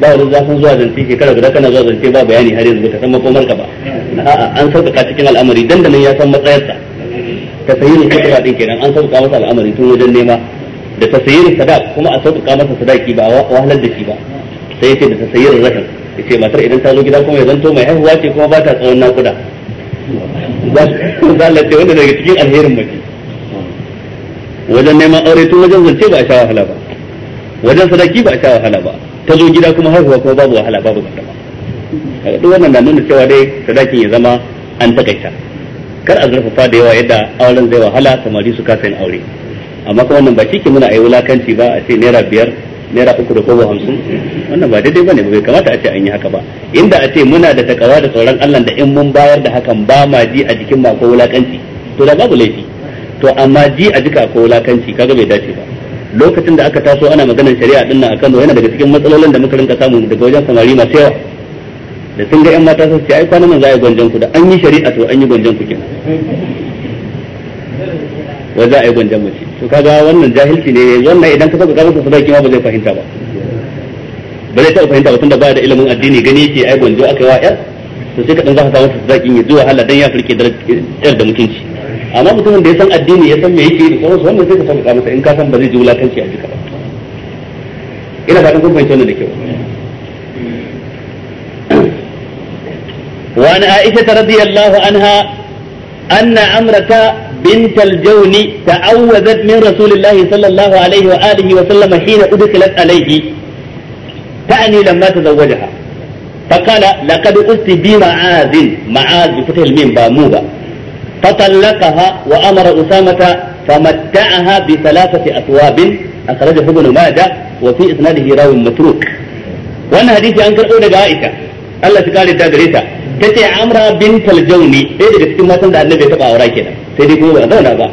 ba wani zafin zuwa zance shekara guda kana zuwa zance ba bayani har yanzu ta san makomar ka ba a'a an sauƙaƙa cikin al'amari dan da nan ya san matsayarsa ta sayi ne ta din kenan an sauƙaƙa masa al'amari tun wajen nema da ta sayi sadaq kuma a sauƙaƙa masa sadaki ba a wahalar da shi ba sai ya ce da ta sayi rakan yace matar idan ta zo gida kuma ya zanto mai haihuwa ce kuma ba ta tsawon nakuda za a ce wanda daga cikin alherin mace wajen neman aure tun wajen zance ba a sha wahala ba wajen sadaki ba a sha wahala ba ta zo gida kuma haihuwa kuma babu wahala babu ba kaga duk wannan na nuna cewa dai sadakin ya zama an takaita kar a zurfafa da yawa yadda auren zai wahala samari su kasa yin aure amma kuma wannan ba shi ke muna a yi wulakanci ba a ce naira biyar naira uku da kobo hamsin wannan ba daidai bane bai kamata a ce an yi haka ba inda a ce muna da takawa da tsoron Allah da in mun bayar da hakan ba ma ji a jikin ma ko wulakanci to da babu laifi to amma ji a jika ko wulakanci kaga bai dace ba lokacin da aka taso ana maganar shari'a din nan a Kano yana daga cikin matsalolin da muka rinka samu daga wajen samari masu yawa da sun ga yan mata sun ce ai kwanan nan za a yi gwanjan ku da an yi shari'a to an yi gwanjan ku kenan wajen a yi gwanjan mace to kaga wannan jahilci ne wannan idan ka saka ka masa sadaki ma ba zai fahimta ba ba zai taɓa fahimta ba tunda ba da ilimin addini gani yake ai gwanjo aka yi wa yar to sai kaɗan za ka samu sadakin ya zuwa hala dan ya firke yar da mutunci amma mutumin da ya san addini ya san me yake da sauransu wannan sai ka saka masa in ka san ba zai ji wulakanci a jika ba ina fatan kun fahimci wannan da kyau وعن عائشة رضي الله عنها أن عمرك بنت الجون تعوذت من رسول الله صلى الله عليه وآله وسلم حين أدخلت عليه تعني لما تزوجها فقال لقد أست بمعاذ معاذ بفتح الميم باموبا فطلقها وأمر أسامة فمتعها بثلاثة أثواب أخرجه ابن ماجه وفي إسناده راو متروك وأن حديث أنكر أولى عائشة الله تقال الدادريتا ta ce amra bin taljauni ɗaya daga cikin matan da annabi ya taɓa aura kenan sai dai kuma ba zauna ba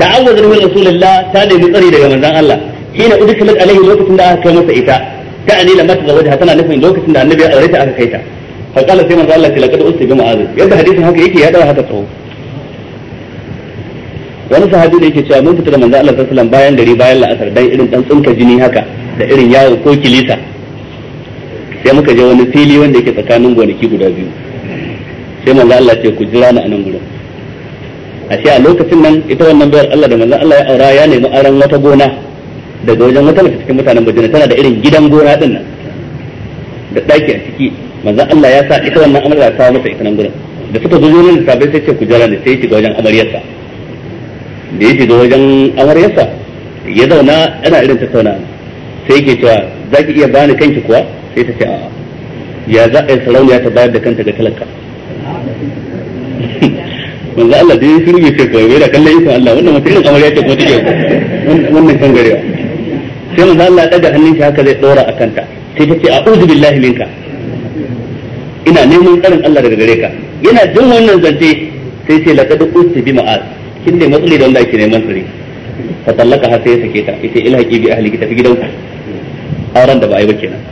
ta'awwazar min rasulullah ta nemi tsari daga manzon Allah hina udkhilat alaihi lokacin da aka kai masa ita ta anila mata da wajha tana nufin lokacin da annabi ya aure ta aka kai ta fa qala sai manzon Allah laqad usti bi ma'az yadda hadisin haka yake ya dawo haka tsawo wani sahabi da yake cewa mun fita da manzon Allah sallallahu alaihi wasallam bayan gari bayan la'asar dan irin dan tsinka jini haka da irin yawo ko kilisa sai muka je wani fili wanda yake tsakanin gonaki guda biyu sai manzo Allah ce ku jira ni a nan gurin ashe a lokacin nan ita wannan bayar Allah da manzo Allah ya aura ya nemi aran wata gona daga wajen wata mace cikin mutanen Madina tana da irin gidan gona din nan da daki a ciki manzo Allah ya sa ita wannan amarya ta masa ita nan gurin da suka zo ne bai sai ce ku jira ni sai ya shiga wajen amaryarsa da ya shiga wajen amaryarsa ya zauna ana irin tattauna sai yake cewa za ki iya bani kanki kuwa sai ta ce a'a ya za a yi sarauniya ta bayar da kanta ga talaka manzo Allah dai ya shirye ce kawai da kallon ikon Allah wannan mutum kamar ya ce ko take wannan kan garewa sai manzo Allah ya daga hannun shi haka zai dora a kanta sai ta ce a'udhu billahi minka ina neman tsarin Allah daga gare ka yana jin wannan zance sai ce laqad usti bi ma'a kin ne matsali da wanda ake neman tsari fa tallaka har sai ya sake ta ita ilhaqi bi ahli ki tafi gidanku auren da ba a yi ba kenan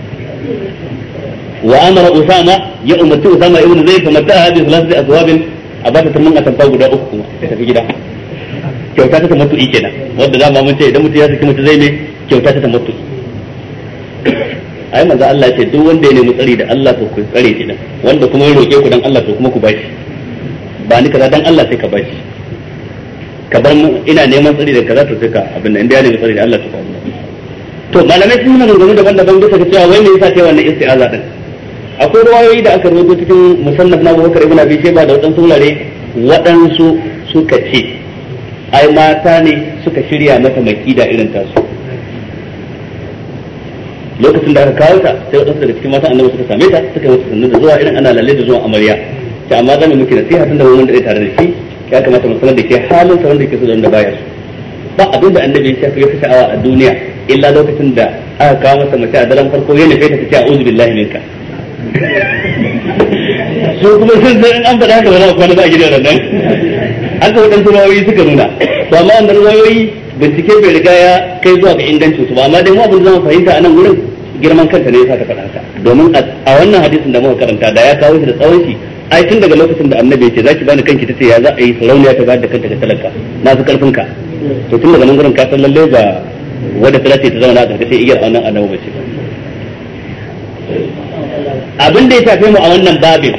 wa amara يا ya umarci ابن زيد zaid fa mata bi thalathati azwabin a bata tamin a tamfa guda uku kuma ta tafi gida kyauta ta tamattu kenan za mu mun zai ne ta ai manzo Allah ce duk wanda ya nemi tsari da Allah to ku tsare shi wanda kuma ya roke ku dan Allah to kuma ku bashi ba ni kaza dan Allah sai ka bashi ka bar mu ina neman tsari da kaza to sai ka abin nan ya nemi tsari da Allah to ka to malamai sun yi maganganu daban-daban bisa ka cewa wai me yasa kai wannan isti'aza din akwai ruwayoyi da aka rubuta cikin musannaf na Abubakar ibn Abi Shayba da waɗansu wurare waɗansu suka ce ai mata ne suka shirya mata makida irin tasu lokacin da aka kawo ta sai wadansu daga cikin mata annabi suka same ta suka yi sannu da zuwa irin ana lalle da zuwa amarya ta amma zamu miki nasiha tunda mun da tare da shi ya kamata mu sanar da ke halin sa wanda yake so da wanda baya so ba abin da annabi ya ce ya sha'awa a duniya illa lokacin da aka kawo masa mace a daren farko ya nufe ta ta ce a'udhu billahi minka so kuma sun zai an faɗa haka ba za a kwana ba a gidan rannan haka waɗansu rawayoyi suka nuna ba ma wannan rawayoyi bincike bai riga ya kai zuwa ga ingancin su ba amma dai mu abin zama fahimta a nan wurin girman kanta ne yasa ta faɗa haka domin a wannan hadisin da muka karanta da ya kawo shi da tsawon shi ai tun daga lokacin da annabi ya ce zaki bani kanki tace ya za a yi sarauniya ta bayar da kanta ga talaka na fi karfin ka to tun daga nan gurin ka san lalle ba wadda talaka ta zama a karkashin igiyar annan annabi ba ce abin da ya tafi mu a wannan babin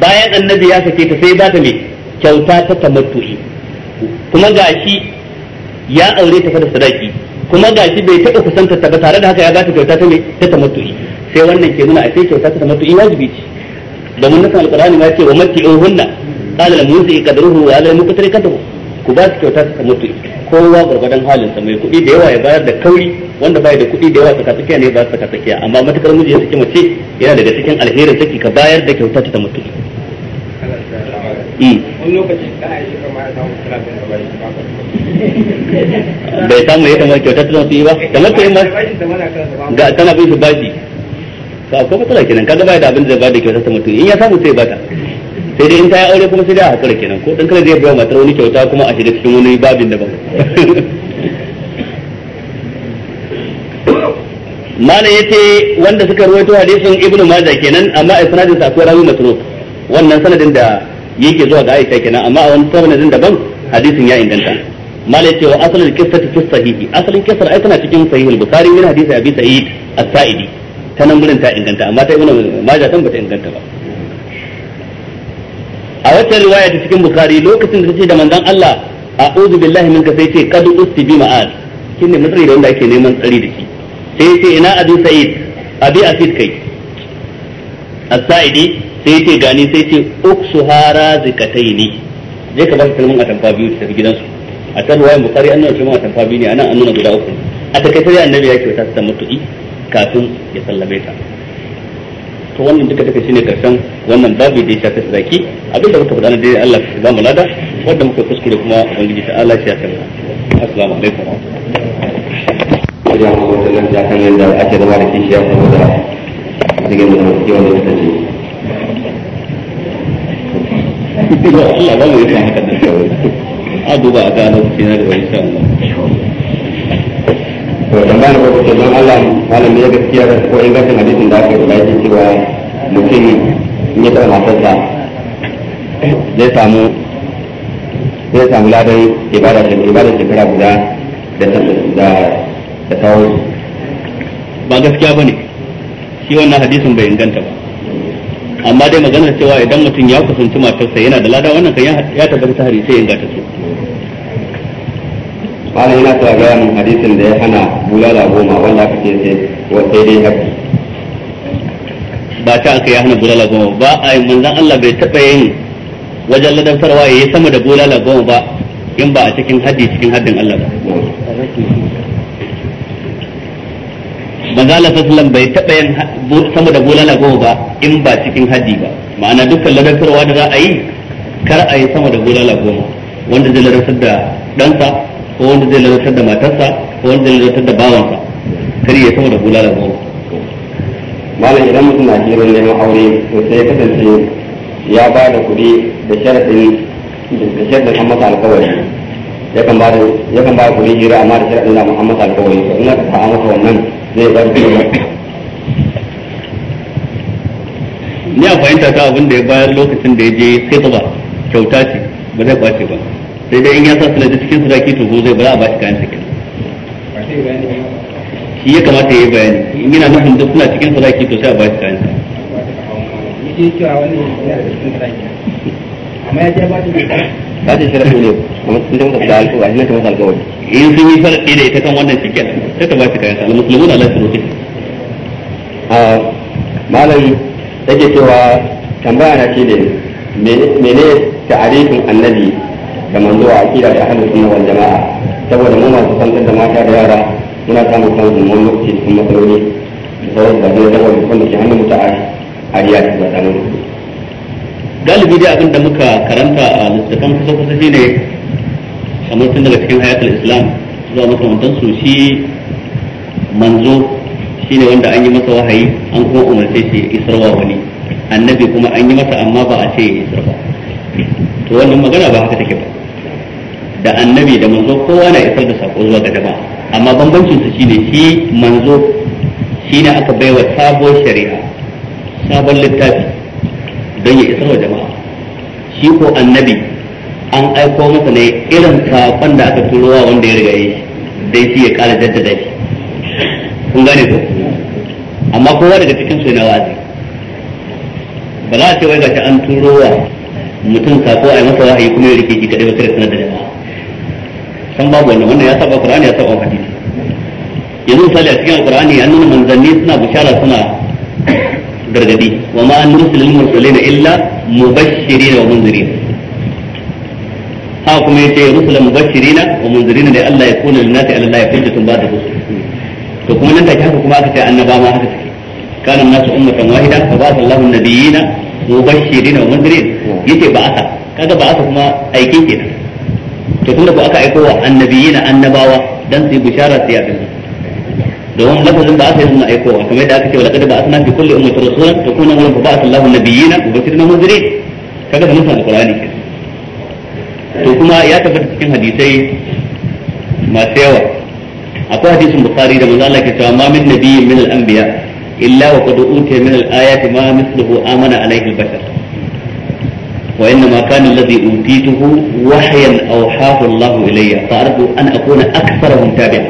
bayan annabi ya sake ta sai ba ta mai kyauta ta tamattu'i kuma gashi ya aure ta da sadaki kuma gashi bai taɓa kusantar ta ba tare da haka ya ba kyauta ta mai ta tamattu'i sai wannan ke nuna a sai kyauta ta tamattu'i wajibi ce domin nasa alƙur'ani ma ce wa matti'uhunna qala al-musi qadruhu wa al-muqtari qadruhu ku ba su kyauta ta tamattu'i kowa gwargwadon halin sa mai kuɗi da yawa ya bayar da kauri wanda bai da kuɗi da yawa saka tsakiya ne ba saka tsakiya amma matakar miji ya saki mace yana daga cikin alherin saki ka bayar da kyauta ta mutu hmm. bai samu ya kamar kyauta ta mutu ba da mace yi ma ga tana bin su bashi to akwai matsala kenan kaga bai da abin da ba da kyauta ta mutu in ya samu sai bata sai dai in ta yi aure kuma sai da a hakura kenan ko ɗan kare zai bayar matar wani kyauta kuma a shiga cikin wani babin daban malam yace wanda suka ruwaito hadisin ibnu Maja kenan amma a sanadin sa akwai rawi matruk wannan sanadin da yake zuwa ga Aisha kenan amma a wani sanadin daban hadisin ya inganta malam yace wa asalul qissati fi sahihi asalin qissar ai tana cikin sahih al-bukhari min hadisi abi sa'id as-sa'idi ta nan gurin ta inganta amma ta ibnu Maja kan bata inganta ba a wata riwaya ta cikin bukhari lokacin da ce da manzon Allah a'udhu billahi minka sai ce kad usti bi ma'ad ne matsari da wanda ake neman tsari da shi sai ce ina abu sa'id abi afid kai as-sa'idi sai ce gani sai ce uksuha razikataini je ka ba shi kalmin atamfa biyu ta tafi gidansu a can wayan bukari an nuna kalmin atamfa biyu ne anan an nuna guda uku a takaitar annabi ya kyauta ta mutu'i kafin ya sallame ta to wannan duka duka shine karshen wannan babu da ya shafi sadaki abin da muka faɗa na dai Allah ya ba mu lada wanda muka kuskure kuma ubangiji ta Allah ya shafi assalamu alaikum sallallahu alaihi ya kan yadda ake zama da kishiya cikin da Allah ba mu yi haka da a duba a gano su na da wani shan to tambayar ce don Allah ya gaskiya da ko ingancin hadisin da aka rubuta cewa mutum in ya taɓa matarsa zai samu zai samu ladan ibada shekara guda da da kawo su ba gaskiya ne shi wannan hadisin bai inganta ba amma dai maganar cewa idan mutum ya kusanci matarsa yana da lada wannan kan ya tabbata hari sai ya gata su bala yana ta min hadisin da ya hana bulala goma wanda aka ce sai wa dai haka ba ta aka ya hana bulala goma ba a yi manzan Allah bai taɓa yin wajen ladan farwa ya yi sama da bulala goma ba in ba a cikin haddi cikin haddin Allah ba manzala sallam bai taɓa yin sama da bulala goma ba in ba cikin haji ba ma'ana dukkan ladakarwa da za a yi kar a yi sama da bulala goma wanda zai ladabtar da ɗansa ko wanda zai ladabtar da matarsa ko wanda zai ladabtar da bawansa kar ya sama da bulala goma malam idan mutum na shirin neman aure to sai ya kasance ya ba da kuɗi da sharaɗin da sharaɗin an masa alkawari yakan ba da kuɗi jira amma da sharaɗin da an masa alkawari to ina ka ta masa wannan zai ni a fahimta ta abin da ya bayar lokacin da ya je sai ba kyauta ce ba zai kwace ba sai dai in ya sa sulaji cikin sadaki to ko zai ba za a ba shi kayan sakin shi ya kamata ya yi bayani in yana nufin duk suna cikin sadaki to sai a ba shi kayan sakin in sun yi farki da ita kan wannan cikin, sai ta ba shi kayan sanar musulmi na lafi rokin malam take cewa tambaya na ce da mene ta'arifin annabi da manzo a kira da ahlus sunna wal jama'a saboda mu masu san da mata da yara muna samun kan mu lokaci da kuma matsaloli da sauran da zai zama da kuma ke hannun muta'a a riya da zama galibi dai abin da muka karanta a littattafan kusa kusa shine kamar tun daga cikin hayatul islam zuwa makamantansu shi manzo shi ne wanda an yi masa wahayi an kuma umarce shi isarwa wani annabi kuma an yi masa amma ba a ce ya isar ba to wannan magana ba haka take ba da annabi da manzo kowa na isar da sako zuwa ga jama'a amma bambancin su shine shi manzo shi ne aka baiwa sabon shari'a sabon littafi don ya isar wa jama'a shi ko annabi an aiko masa ne irin saƙon da aka turowa wanda ya riga yi dai shi ya ƙara jaddada shi kun gane ko amma kowa daga cikin su yana wazi ba za a ce wai gashi an turowa mutum saƙo a yi masa wahayi kuma ya rike shi kadai ba ta sanar da jama'a san babu wannan wannan ya saba Qur'ani ya saba hadisi yanzu misali a cikin Qur'ani an nuna manzanni suna bishara suna gargadi wa ma an nursilul mursalina illa mubashirin wa munzirin ha kuma yace rusulan mubashirina wa munzirina da Allah ya kuna linnati ala Allah ya hujjatun ba da rusul to kuma nan take haka kuma aka ce annaba ma haka take kana nasu ummatan wahida fa ba'atha Allahu nabiyina mubashirina wa munzirin yace ba'atha kaga ba'atha kuma aike kenan to tunda ba aka aiko wa annabiyina annabawa dan su yi bishara su yaɗin domin lafazin ba aka yi suna aikowa kamar yadda aka ce wa laqad ba'athna fi kulli ummatin rasulan takuna lahum ba'athallahu nabiyina wa bashirna munzirin kaga da mutan alqur'ani kenan to kuma ya tabbata cikin hadisai masu yawa akwai hadisin bukhari da manzo Allah ke cewa ma min nabiyyin min al-anbiya illa wa qad utiya min al-ayati ma mithluhu amana alayhi al-bashar wa inna ma kana alladhi utituhu wahyan awhahu Allah ilayya fa arju an akuna aktharahum tabi'a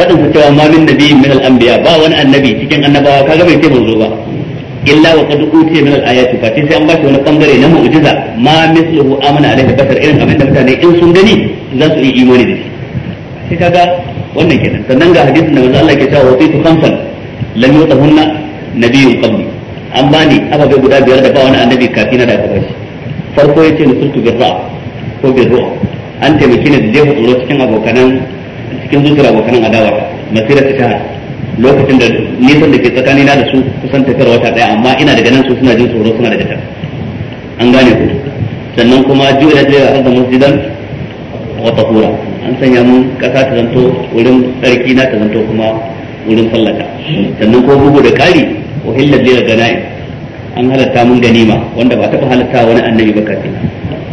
fadin cewa ma min nabiyyin min al-anbiya ba wani annabi cikin annabawa kaga bai ce manzo ba illa wa qad utiya min al-ayati fa sai an bashi wani bangare na mu'jiza ma misluhu amana alaihi bashar irin abin da mutane in sun gani za su yi imani da a sai kaga wannan kenan sannan ga hadisin da manzo Allah ke cewa wasitu khamsan lam yutahunna nabiyyun qabli an bani ababe guda biyar da ba wani annabi kafina da aka bashi farko yace nusultu birra ko birru an taimake ni da jefa tsoro cikin abokanan cikin zuciyar abokanan adawa masira ta shahara lokacin da nisan da ke tsakani na da su kusan tafiyar wata daya amma ina daga nan su suna jin tsoro suna daga can an gane ku sannan kuma jiwa da jiwa har da masjidan wata tahura an sanya mun kasa ta zanto wurin tsarki na ta zanto kuma wurin sallata sannan ko bugu da kari ko hillar lila gana'i an halatta mun ganima wanda ba taɓa halatta wani annabi ba kafin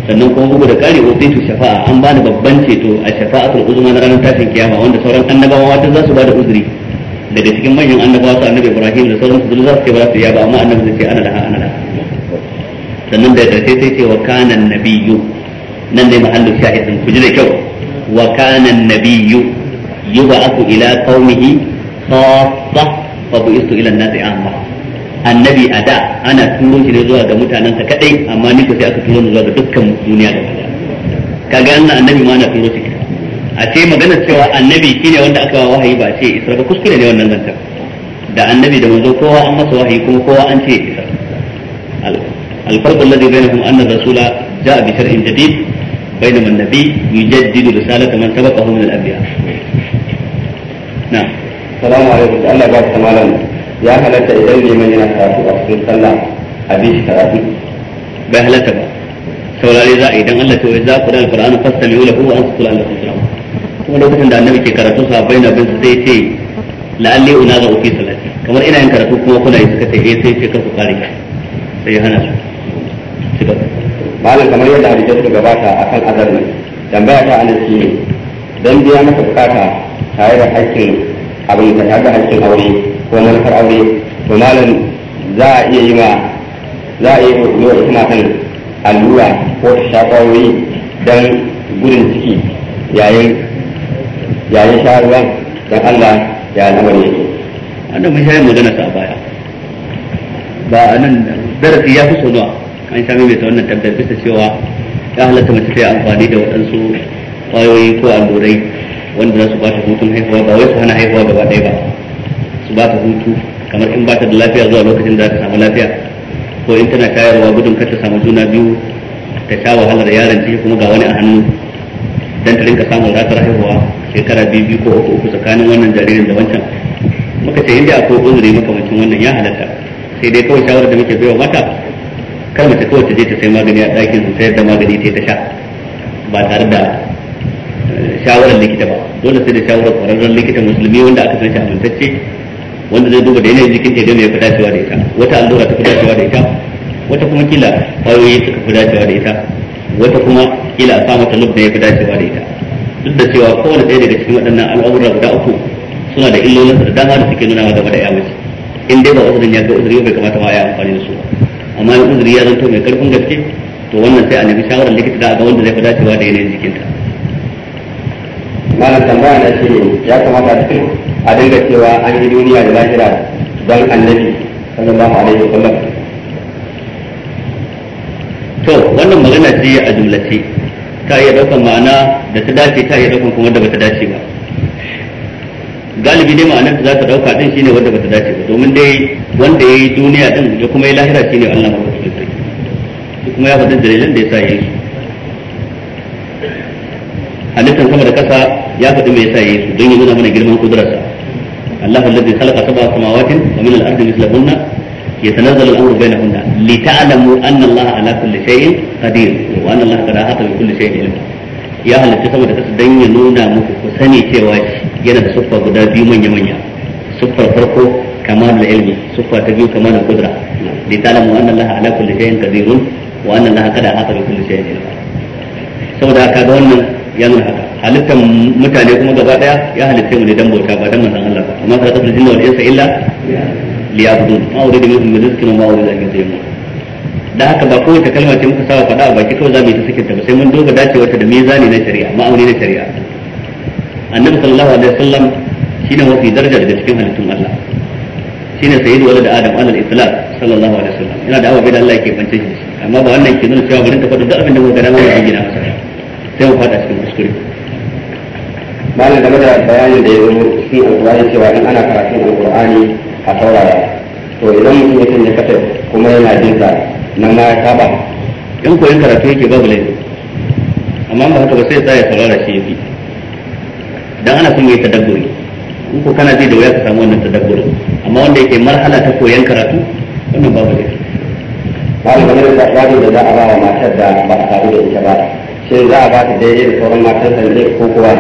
sannan kuma bugu da kari ko sai shafa'a an bani babban ceto a shafa'atul uzma na ranar tashin kiyama wanda sauran annabawa ta za su ba da uzuri daga cikin manyan annabawa su annabi ibrahim da sauran su za su ce ba su ya ba amma annabi zai ce ana da ana da sannan da ƙarshe sai ce wa kana nabiyyu nan dai mahallin shahidin ku ji da kyau wa kana nabiyyu yub'athu ila qaumihi khaffa fa bu'istu ila an-nasi amma annabi a da ana turo shi ne zuwa ga mutanen sa kadai amma ni ko sai aka turo ni zuwa ga dukkan duniya da kaga annabi ma ana turo shi a ce magana cewa annabi shi ne wanda aka wahayi ba ce isra ba kuskure ne wannan zantar da annabi da manzo kowa an masa wahayi kuma kowa an ce isra الفرق الذي بينهم أن الرسول جاء بشرع جديد بينما النبي يجدد رسالة من سبقه من الأنبياء نعم السلام عليكم الله بارك مالنا يا هلك إذن لمن ينكرت أفضل صلى أبيش كراتي بهلك بقى saurare za a yi don Allah ta wai za ku da alkur'ani fasta mai wula ko an su kula da kuma kuma lokacin da annabi ke karatu bai na bin su sai ce la'alli una ga ofi salati kamar ina yin karatu kuma kuna yi suka ce eh sai ce kar ku kare sai ya hana su malam kamar yadda hadisai suka gabata akan azar ne tambaya ta ana shi ne dan biya maka bukata tare da hakkin abin da tare da hakkin aure ko manufar aure to malam za a iya yi ma za a iya yi wa ita matan allura ko ta shafa don gudun ciki yayin yayin shayarwa dan Allah ya al'amari yake annan mun shayar magana sa baya ba anan darasi ya fi sonuwa. an sami mai ta wannan tabbatar bisa cewa ya halatta mace ta yi amfani da waɗansu kwayoyi ko allurai wanda za su ba ta hutun haihuwa ba wai su hana haihuwa gaba ɗaya ba su ba ta hutu kamar in ba ta da lafiya zuwa lokacin da ta samu lafiya ko in tana shayarwa gudun kar ta samu juna biyu ta sha wahalar yaron ciki kuma ga wani a hannu dan ta rinka samun ratar haihuwa shekara biyu biyu ko uku uku tsakanin wannan jaririn da wancan muka ce inda akwai uzuri makamancin wannan ya halatta sai dai kawai shawarar da muke baiwa mata kar mace kawai ta je ta sai magani a ɗakin su sayar da magani ta ta sha ba tare da eh, shawarar likita ba dole sai da shawarar kwararren likita musulmi wanda aka san shi amintacce wanda zai duba da yanayin jikin ta idan ya fi dacewa da ita wata allura ta fi dacewa da ita wata kuma kila kwayoyi suka fi dacewa da ita wata kuma kila a sa mata lub da ya fi dacewa da ita duk da cewa kowane ɗaya daga cikin waɗannan al'amuran guda uku suna da illolinsa da dama da suke nuna wa game da ya in dai ba uzurin ya ga uzuri bai kamata ba ya amfani da su ba. amma in uzuri ya zanto mai karfin gaske to wannan sai a nemi shawarar likita da a ga wanda zai fi dacewa da yanayin jikinta malam tambaya na shi ya kamata a dinga cewa an yi duniya da lahira don annabi sallallahu alaihi wasallam to wannan magana ce a jumlace ta iya daukan ma'ana da ta dace ta iya daukan kuma da bata dace ba galibi ne ma'anar da za ta dauka din shine wanda bata dace ba domin dai wanda ya yi duniya din ya kuma ya lahira shine Allah ma wata sarki kuma ya faɗi dalilan da ya sa yi halittar sama da kasa ya faɗi mai sa yi su don ya nuna mana girman kudurarsa Allah alladhi khalaqa sab'a samawatin wa min al-ardi mislahunna يتنزل الامر بينهن لتعلموا ان الله على كل شيء قدير وان الله قد احاط بكل شيء علما ya halitta sama da kasa don ya nuna muku ku sani cewa yana da siffa guda biyu manya manya siffar farko kamalul ilmi siffa ta biyu kamalul qudra li ta'lamu anna allaha ala kulli shay'in qadirun wa anna allaha qad ahata bi kulli shay'in ilma saboda haka ga wannan ya nuna haka halittar mutane kuma gaba daya ya halitta mu ne dan bauta ba dan manzon Allah ba amma kada ta jinna wal insa illa liyabudun ma wuri da mutum da rizkin ma wuri da ake zai mu da haka ba kowace kalma ce muka sawa faɗa a baki kawai za mu yi ta sakin ta ba sai mun duba dacewarta da mizani na shari'a ma'auni na shari'a annabi sallallahu alaihi wasallam shine mafi daraja daga cikin halittun Allah shine sayyidu walad adam alal islam sallallahu alaihi wasallam yana da abubuwan da Allah yake bance shi amma ba wannan ke nuna cewa bari ta faɗa duk abin da muka gana mai gina masa sai mu faɗa cikin kuskure malam game da bayanin da ya zo shi alƙur'ani cewa in ana karatun alƙur'ani a saurara to idan mutum ya sanya kasar kuma yana jin sa nan ma ya saba in yin karatu yake babu laifi amma ba haka ba sai ya saurara shi yafi dan ana son yayi tadabburi in ko kana ji da wuya ka samu wannan tadabburi amma wanda yake marhala ta koyan karatu wannan babu laifi babu kamar da yaro da za a ba wa matar da ba a sa'u da ita ba sai za a ba ta daidai da sauran matar da ko kuwa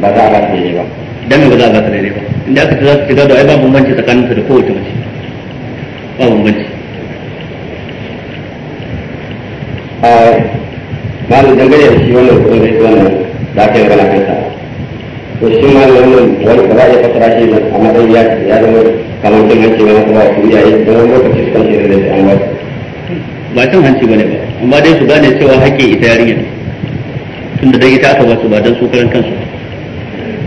ba za a ba ta daidai ba dan ba za a ba ta daidai ba inda aka ce za su ci gado ai ba bambanci tsakaninsa da kowace mace ba bambanci a malu dangane da shi wannan kudin da wannan da aka yi magana kansa to shi malu wannan wani ba za a iya fassara shi a matsayin ya ya zama kamar cin hanci wani kuma su yayi don wani lokaci su kan shi da an wasu ba cin hanci ba ne ba amma dai su gane cewa haƙƙin ita yarinya tunda dai ita aka ba su ba don su karan kansu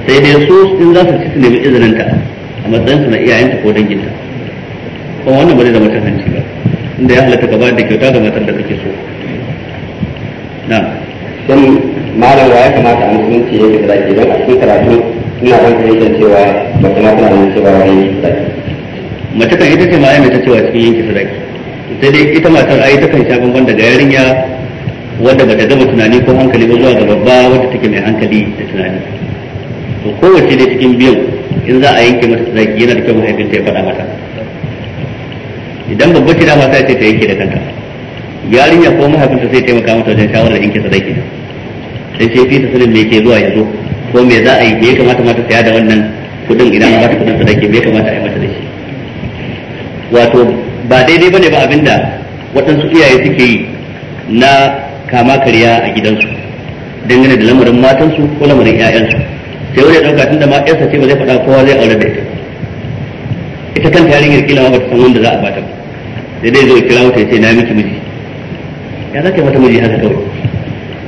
sai dai su in za su ci su nemi izinin ta a matsayin su na iyayenta ko danginta kuma wannan ba zai zama cin hanci ba inda ya halatta gaba da kyauta ga matan da kake so na dan malam wa ya kamata a ce yadda fita ke don a cikin karatu ina ban yankin cewa mace ma tana nan cewa wani yanki sadaki mace kan ita ce ma ai mace cewa cikin yanki sadaki sai dai ita matar ai kan sha bamban daga yarinya wadda bata gama tunani ko hankali ba zuwa ga babba wadda take mai hankali da tunani to kowace da cikin biyan in za a yanke mata sadaki yana da kyau mahaifinta ya faɗa mata idan babba ce dama sai ta yanke da kanta yarinya ko mahaifinta sai taimaka mata wajen shawarar da yanke sadaki sai sai fita sanin me ke zuwa yanzu ko me za a yi me ya kamata mata saya da wannan kuɗin idan ba ta kuɗin sadaki me ya kamata a yi mata da shi wato ba daidai bane ba abinda waɗansu iyaye suke yi na kama karya a gidansu dangane da lamarin matansu ko lamarin 'ya'yansu sai wani ɗauka tun da ma ƴarsa ce ba zai faɗa kowa zai aure da ita ita kanta yarinyar kila ba ta san wanda za a bata ba sai dai zai kira wata ya ce na miki miji ya za ka yi mata miji haka kawai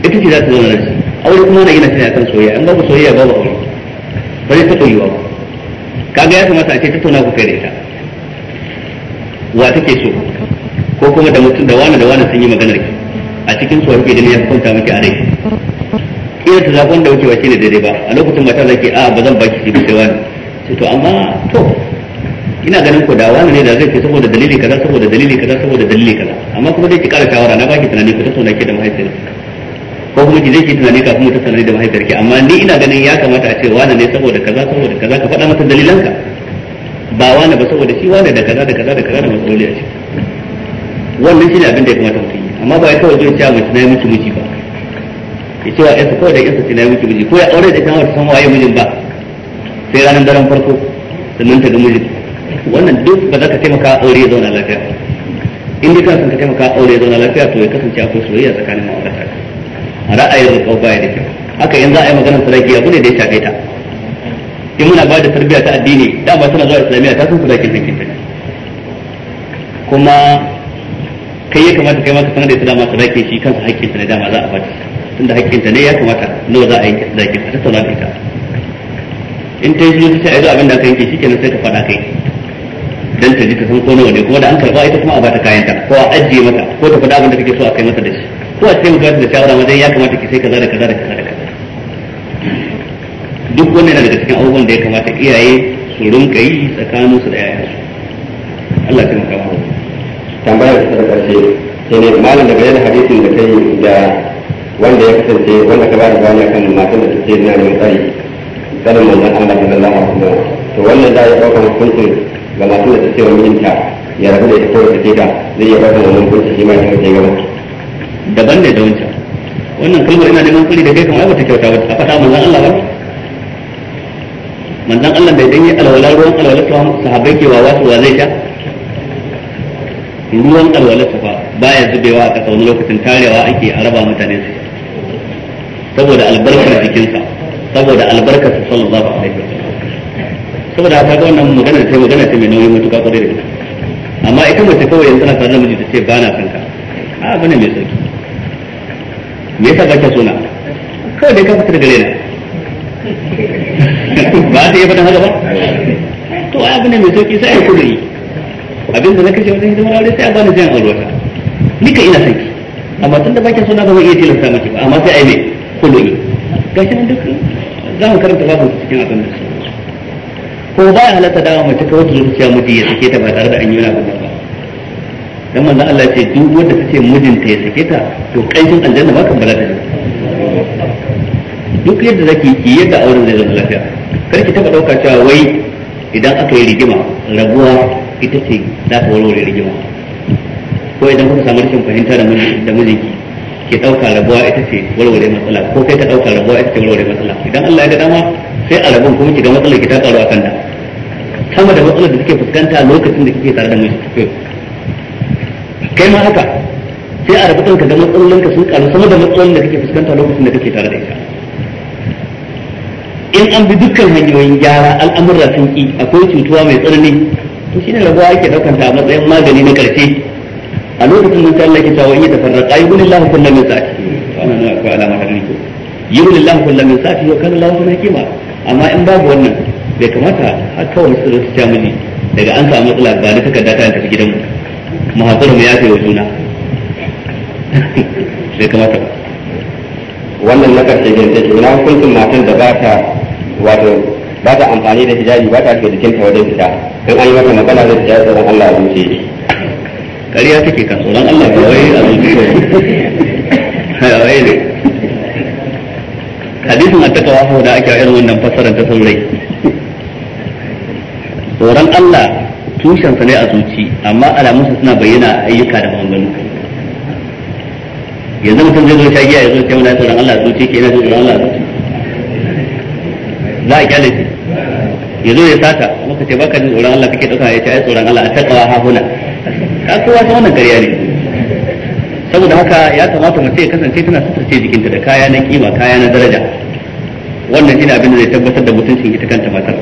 ita ce za ta zauna da shi aure kuma na yana tana kan soyayya an babu soyayya babu aure ba zai taɓa yiwa ba kaga ya kamata a ce tattauna ku kai da ita wa take so ko kuma da mutum da wani da wani sun yi maganar ki a cikin soyayya da ne ya kwanta miki a rai kira ta zafi ba shi shine daidai ba a lokacin mata zaki a ba zan baki shi bisa wani sai to amma to ina ganin ko da wani ne da zai ce saboda dalili kaza saboda dalili kaza saboda dalili kaza amma kuma zai ki kara shawara na baki tunani ku tattauna ke da mahaifiyar ko kuma ki zai ki tunani kafin mu tattauna da mahaifiyar ki amma ni ina ganin ya kamata a ce wani ne saboda kaza saboda kaza ka faɗa masa dalilanka ba wani ba saboda shi wani da kaza da kaza da kaza da matsaloli a ciki wannan shine abin da ya kamata mutum yi amma ba ya kawai zai ce a mace na yi miki ba ya ce wa kawai da ƴansa ce na yi miji ko ya aure da ita wata san waye mijin ba sai ranar daren farko sannan ta ga miji wannan duk ba za ka taimaka aure ya zauna lafiya in dai kana ka taimaka aure ya zauna lafiya to ya kasance akwai soyayya tsakanin ma'aurata a ra'ayin kawai baya da kyau haka yanzu a yi maganar sadaki abu ne da ya shafe ta in muna ba da tarbiyya ta addini da ba suna zuwa islamiyya ta san sadakin hankin ta kuma kai ya kamata kai ma ka sanar da ita dama sadaki shi kansa hakkin ta ne dama za a bata tunda hakkinta ne ya kamata nawa za a yanke sadaki a tattauna da ita in ta yi shiru sai a yi abin da aka yanke shikenan sai ka faɗa kai dan ta ji ta san ko nawa ne kuma da an karba ita kuma a bata kayan ta ko a ajiye mata ko ta faɗa abin da kake so a kai mata da shi ko a taimaka da shawara wajen ya kamata ki sai kaza da kaza da kaza da kaza duk wannan yana daga cikin abubuwan da ya kamata iyaye su rinka yi tsakanin su da yayan Allah ya taimaka mu tambayar ta karshe sai ne malam da yana hadisin da kai da wanda ya kasance wanda ka bada bayani akan matan da take na neman tsari tsarin manzon Allah sallallahu alaihi wasallam to wannan za ya dauka hukuncin ga matan da take wa mijinta ya rabu da ita ko da take da zai iya dauka wannan hukunci shi ma ya kauce gaba daban ne da wancan wannan kalmar ina neman tsari da kai kamar ba ta kyauta ba a fata manzon Allah ba manzon Allah da idan ya alwala ruwan alwala ta sahabbai ke wawa su wa zai sha ruwan alwala ta fa baya zubewa a kasa wani lokacin tarewa ake a raba mutane su saboda albarkar jikinsa saboda albarkar sa sallallahu alaihi wasallam saboda haka ga wannan magana sai magana ce mai nauyi mutuka kwarai da gaske amma ita mace kawai yanzu tana tare da miji ta ce ba na ka a bane mai sauki me yasa ba ta so na kawai dai ka fita daga rena ba ta yi fata haka ba to a abin da mai sauki sai a kuduri abinda da na kashe wajen hidimar aure sai a bani jiyan ni nika ina sanki amma tun da ke suna ba zan iya tilasta miki ba amma sai a yi mai kulu'i ga shi nan duk za mu karanta babu cikin abin da su ko ba ya halatta dawa mace kawai wata zuciya miji ya sake ta ba tare da an yi wani abin da ba dan manzon Allah ce duk wanda ta ce mijinta ya sake ta to kanshin aljanna ba kan bala za ta duk yadda zaki yi yadda auren zai zama lafiya kar ki taba dauka cewa wai idan aka yi rigima rabuwa ita ce za ta warware rigima ko idan kuka samu rashin fahimta da mijinki ke ɗauka rabuwa ita ce walwale matsala ko kai ta ɗauka rabuwa ita ce walwale matsala idan Allah ya ga dama sai a rabun kuma ki ga matsalar ki ta karu a kanta sama da matsalar da kike fuskanta lokacin da kike tare da mai kai ma haka sai a rabu ka ga matsalolinka sun karu sama da matsalolin da kike fuskanta lokacin da kike tare da ita in an bi dukkan hanyoyin gyara al'amurra sun ki akwai cutuwa mai tsanani to shine rabuwa ake ɗaukanta a matsayin magani na ƙarshe a lokacin nan sai Allah ke cewa in yatafarraqa yughnillahu kullum min sa'ati wannan ne akwai alama ta riko yughnillahu kullam min sa'ati wa kana suna kima. amma in babu wannan bai kamata har kawai su rasa ta miji daga an samu matsala ba da takarda ta tafi gidan mu ya mu yafe wa juna bai kamata ba wannan na karshe da take ina hukuncin matan da ba ta wato ba ta amfani da hijabi ba ta ke jikinta wajen fita in an yi mata magana da hijabi sai Allah ya wuce ƙarya take kan tsoron Allah ba wai a zuciya ne hadisin attakawa wa da ake irin wannan fassarar ta saurayi. tsoron Allah tushensa ne a zuci amma alamunsa suna bayyana ayyuka da maganganu yanzu mutum zai zo ta giya ya zo sai muna tsoron Allah zuci ke na tsoron Allah zuci za a kyale shi ya ya sata maka ce baka jin tsoron Allah kake dauka ya ce ai tsoron Allah a taƙawa ha huna Kasuwa kowa ta wannan ƙarya ne saboda haka ya kamata mace ya kasance tana suturce jikinta da kaya na kima kaya na daraja wannan shine abin da zai tabbatar da mutuncin ita kanta matar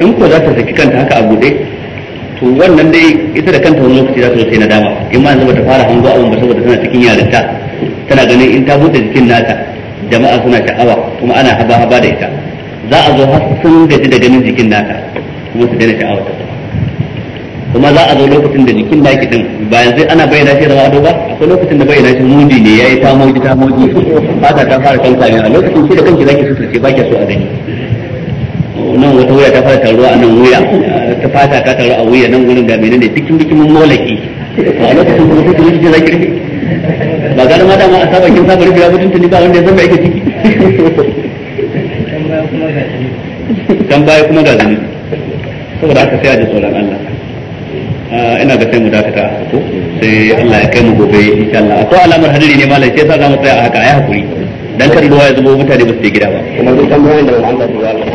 in ko za ta saki kanta haka a bude to wannan dai ita da kanta wani lokaci za ta sai na dama in ma yanzu bata fara hango abin ba saboda tana cikin yarinta tana ganin in ta bude jikin nata jama'a suna sha'awa kuma ana haba haba da ita za a zo har sun gaji da ganin jikin nata kuma su daina sha'awa ta kuma za a zo lokacin da jikin baki din ba yanzu ana bayyana shi da ado ba akwai lokacin da bayyana shi mudi ne yayi ta moji ta moji fata ta fara kanka ne a lokacin shi da kanki zaki suturce ba baki so a gani nan wata wuya ta fara taruwa a nan wuya ta fata ta taru a wuya nan gurin da menene bikin bikin molaki a lokacin da kuka rufe zaki rufe ba ga ma dama a saba kin saba rufe ya tuni ba wanda ya zama yake ciki kan baya kuma ga zanubi saboda aka sai a ji tsoron Allah Ah, ina ga sai mu dakata ko sai Allah ya kai mu gobe insha Allah akwai alamar hadiri ne malai sai sa za mu tsaya a haka ai hakuri dan kan ruwa ya zubo mutane ba su je gida ba kuma duk tambayoyin da Allah ya ba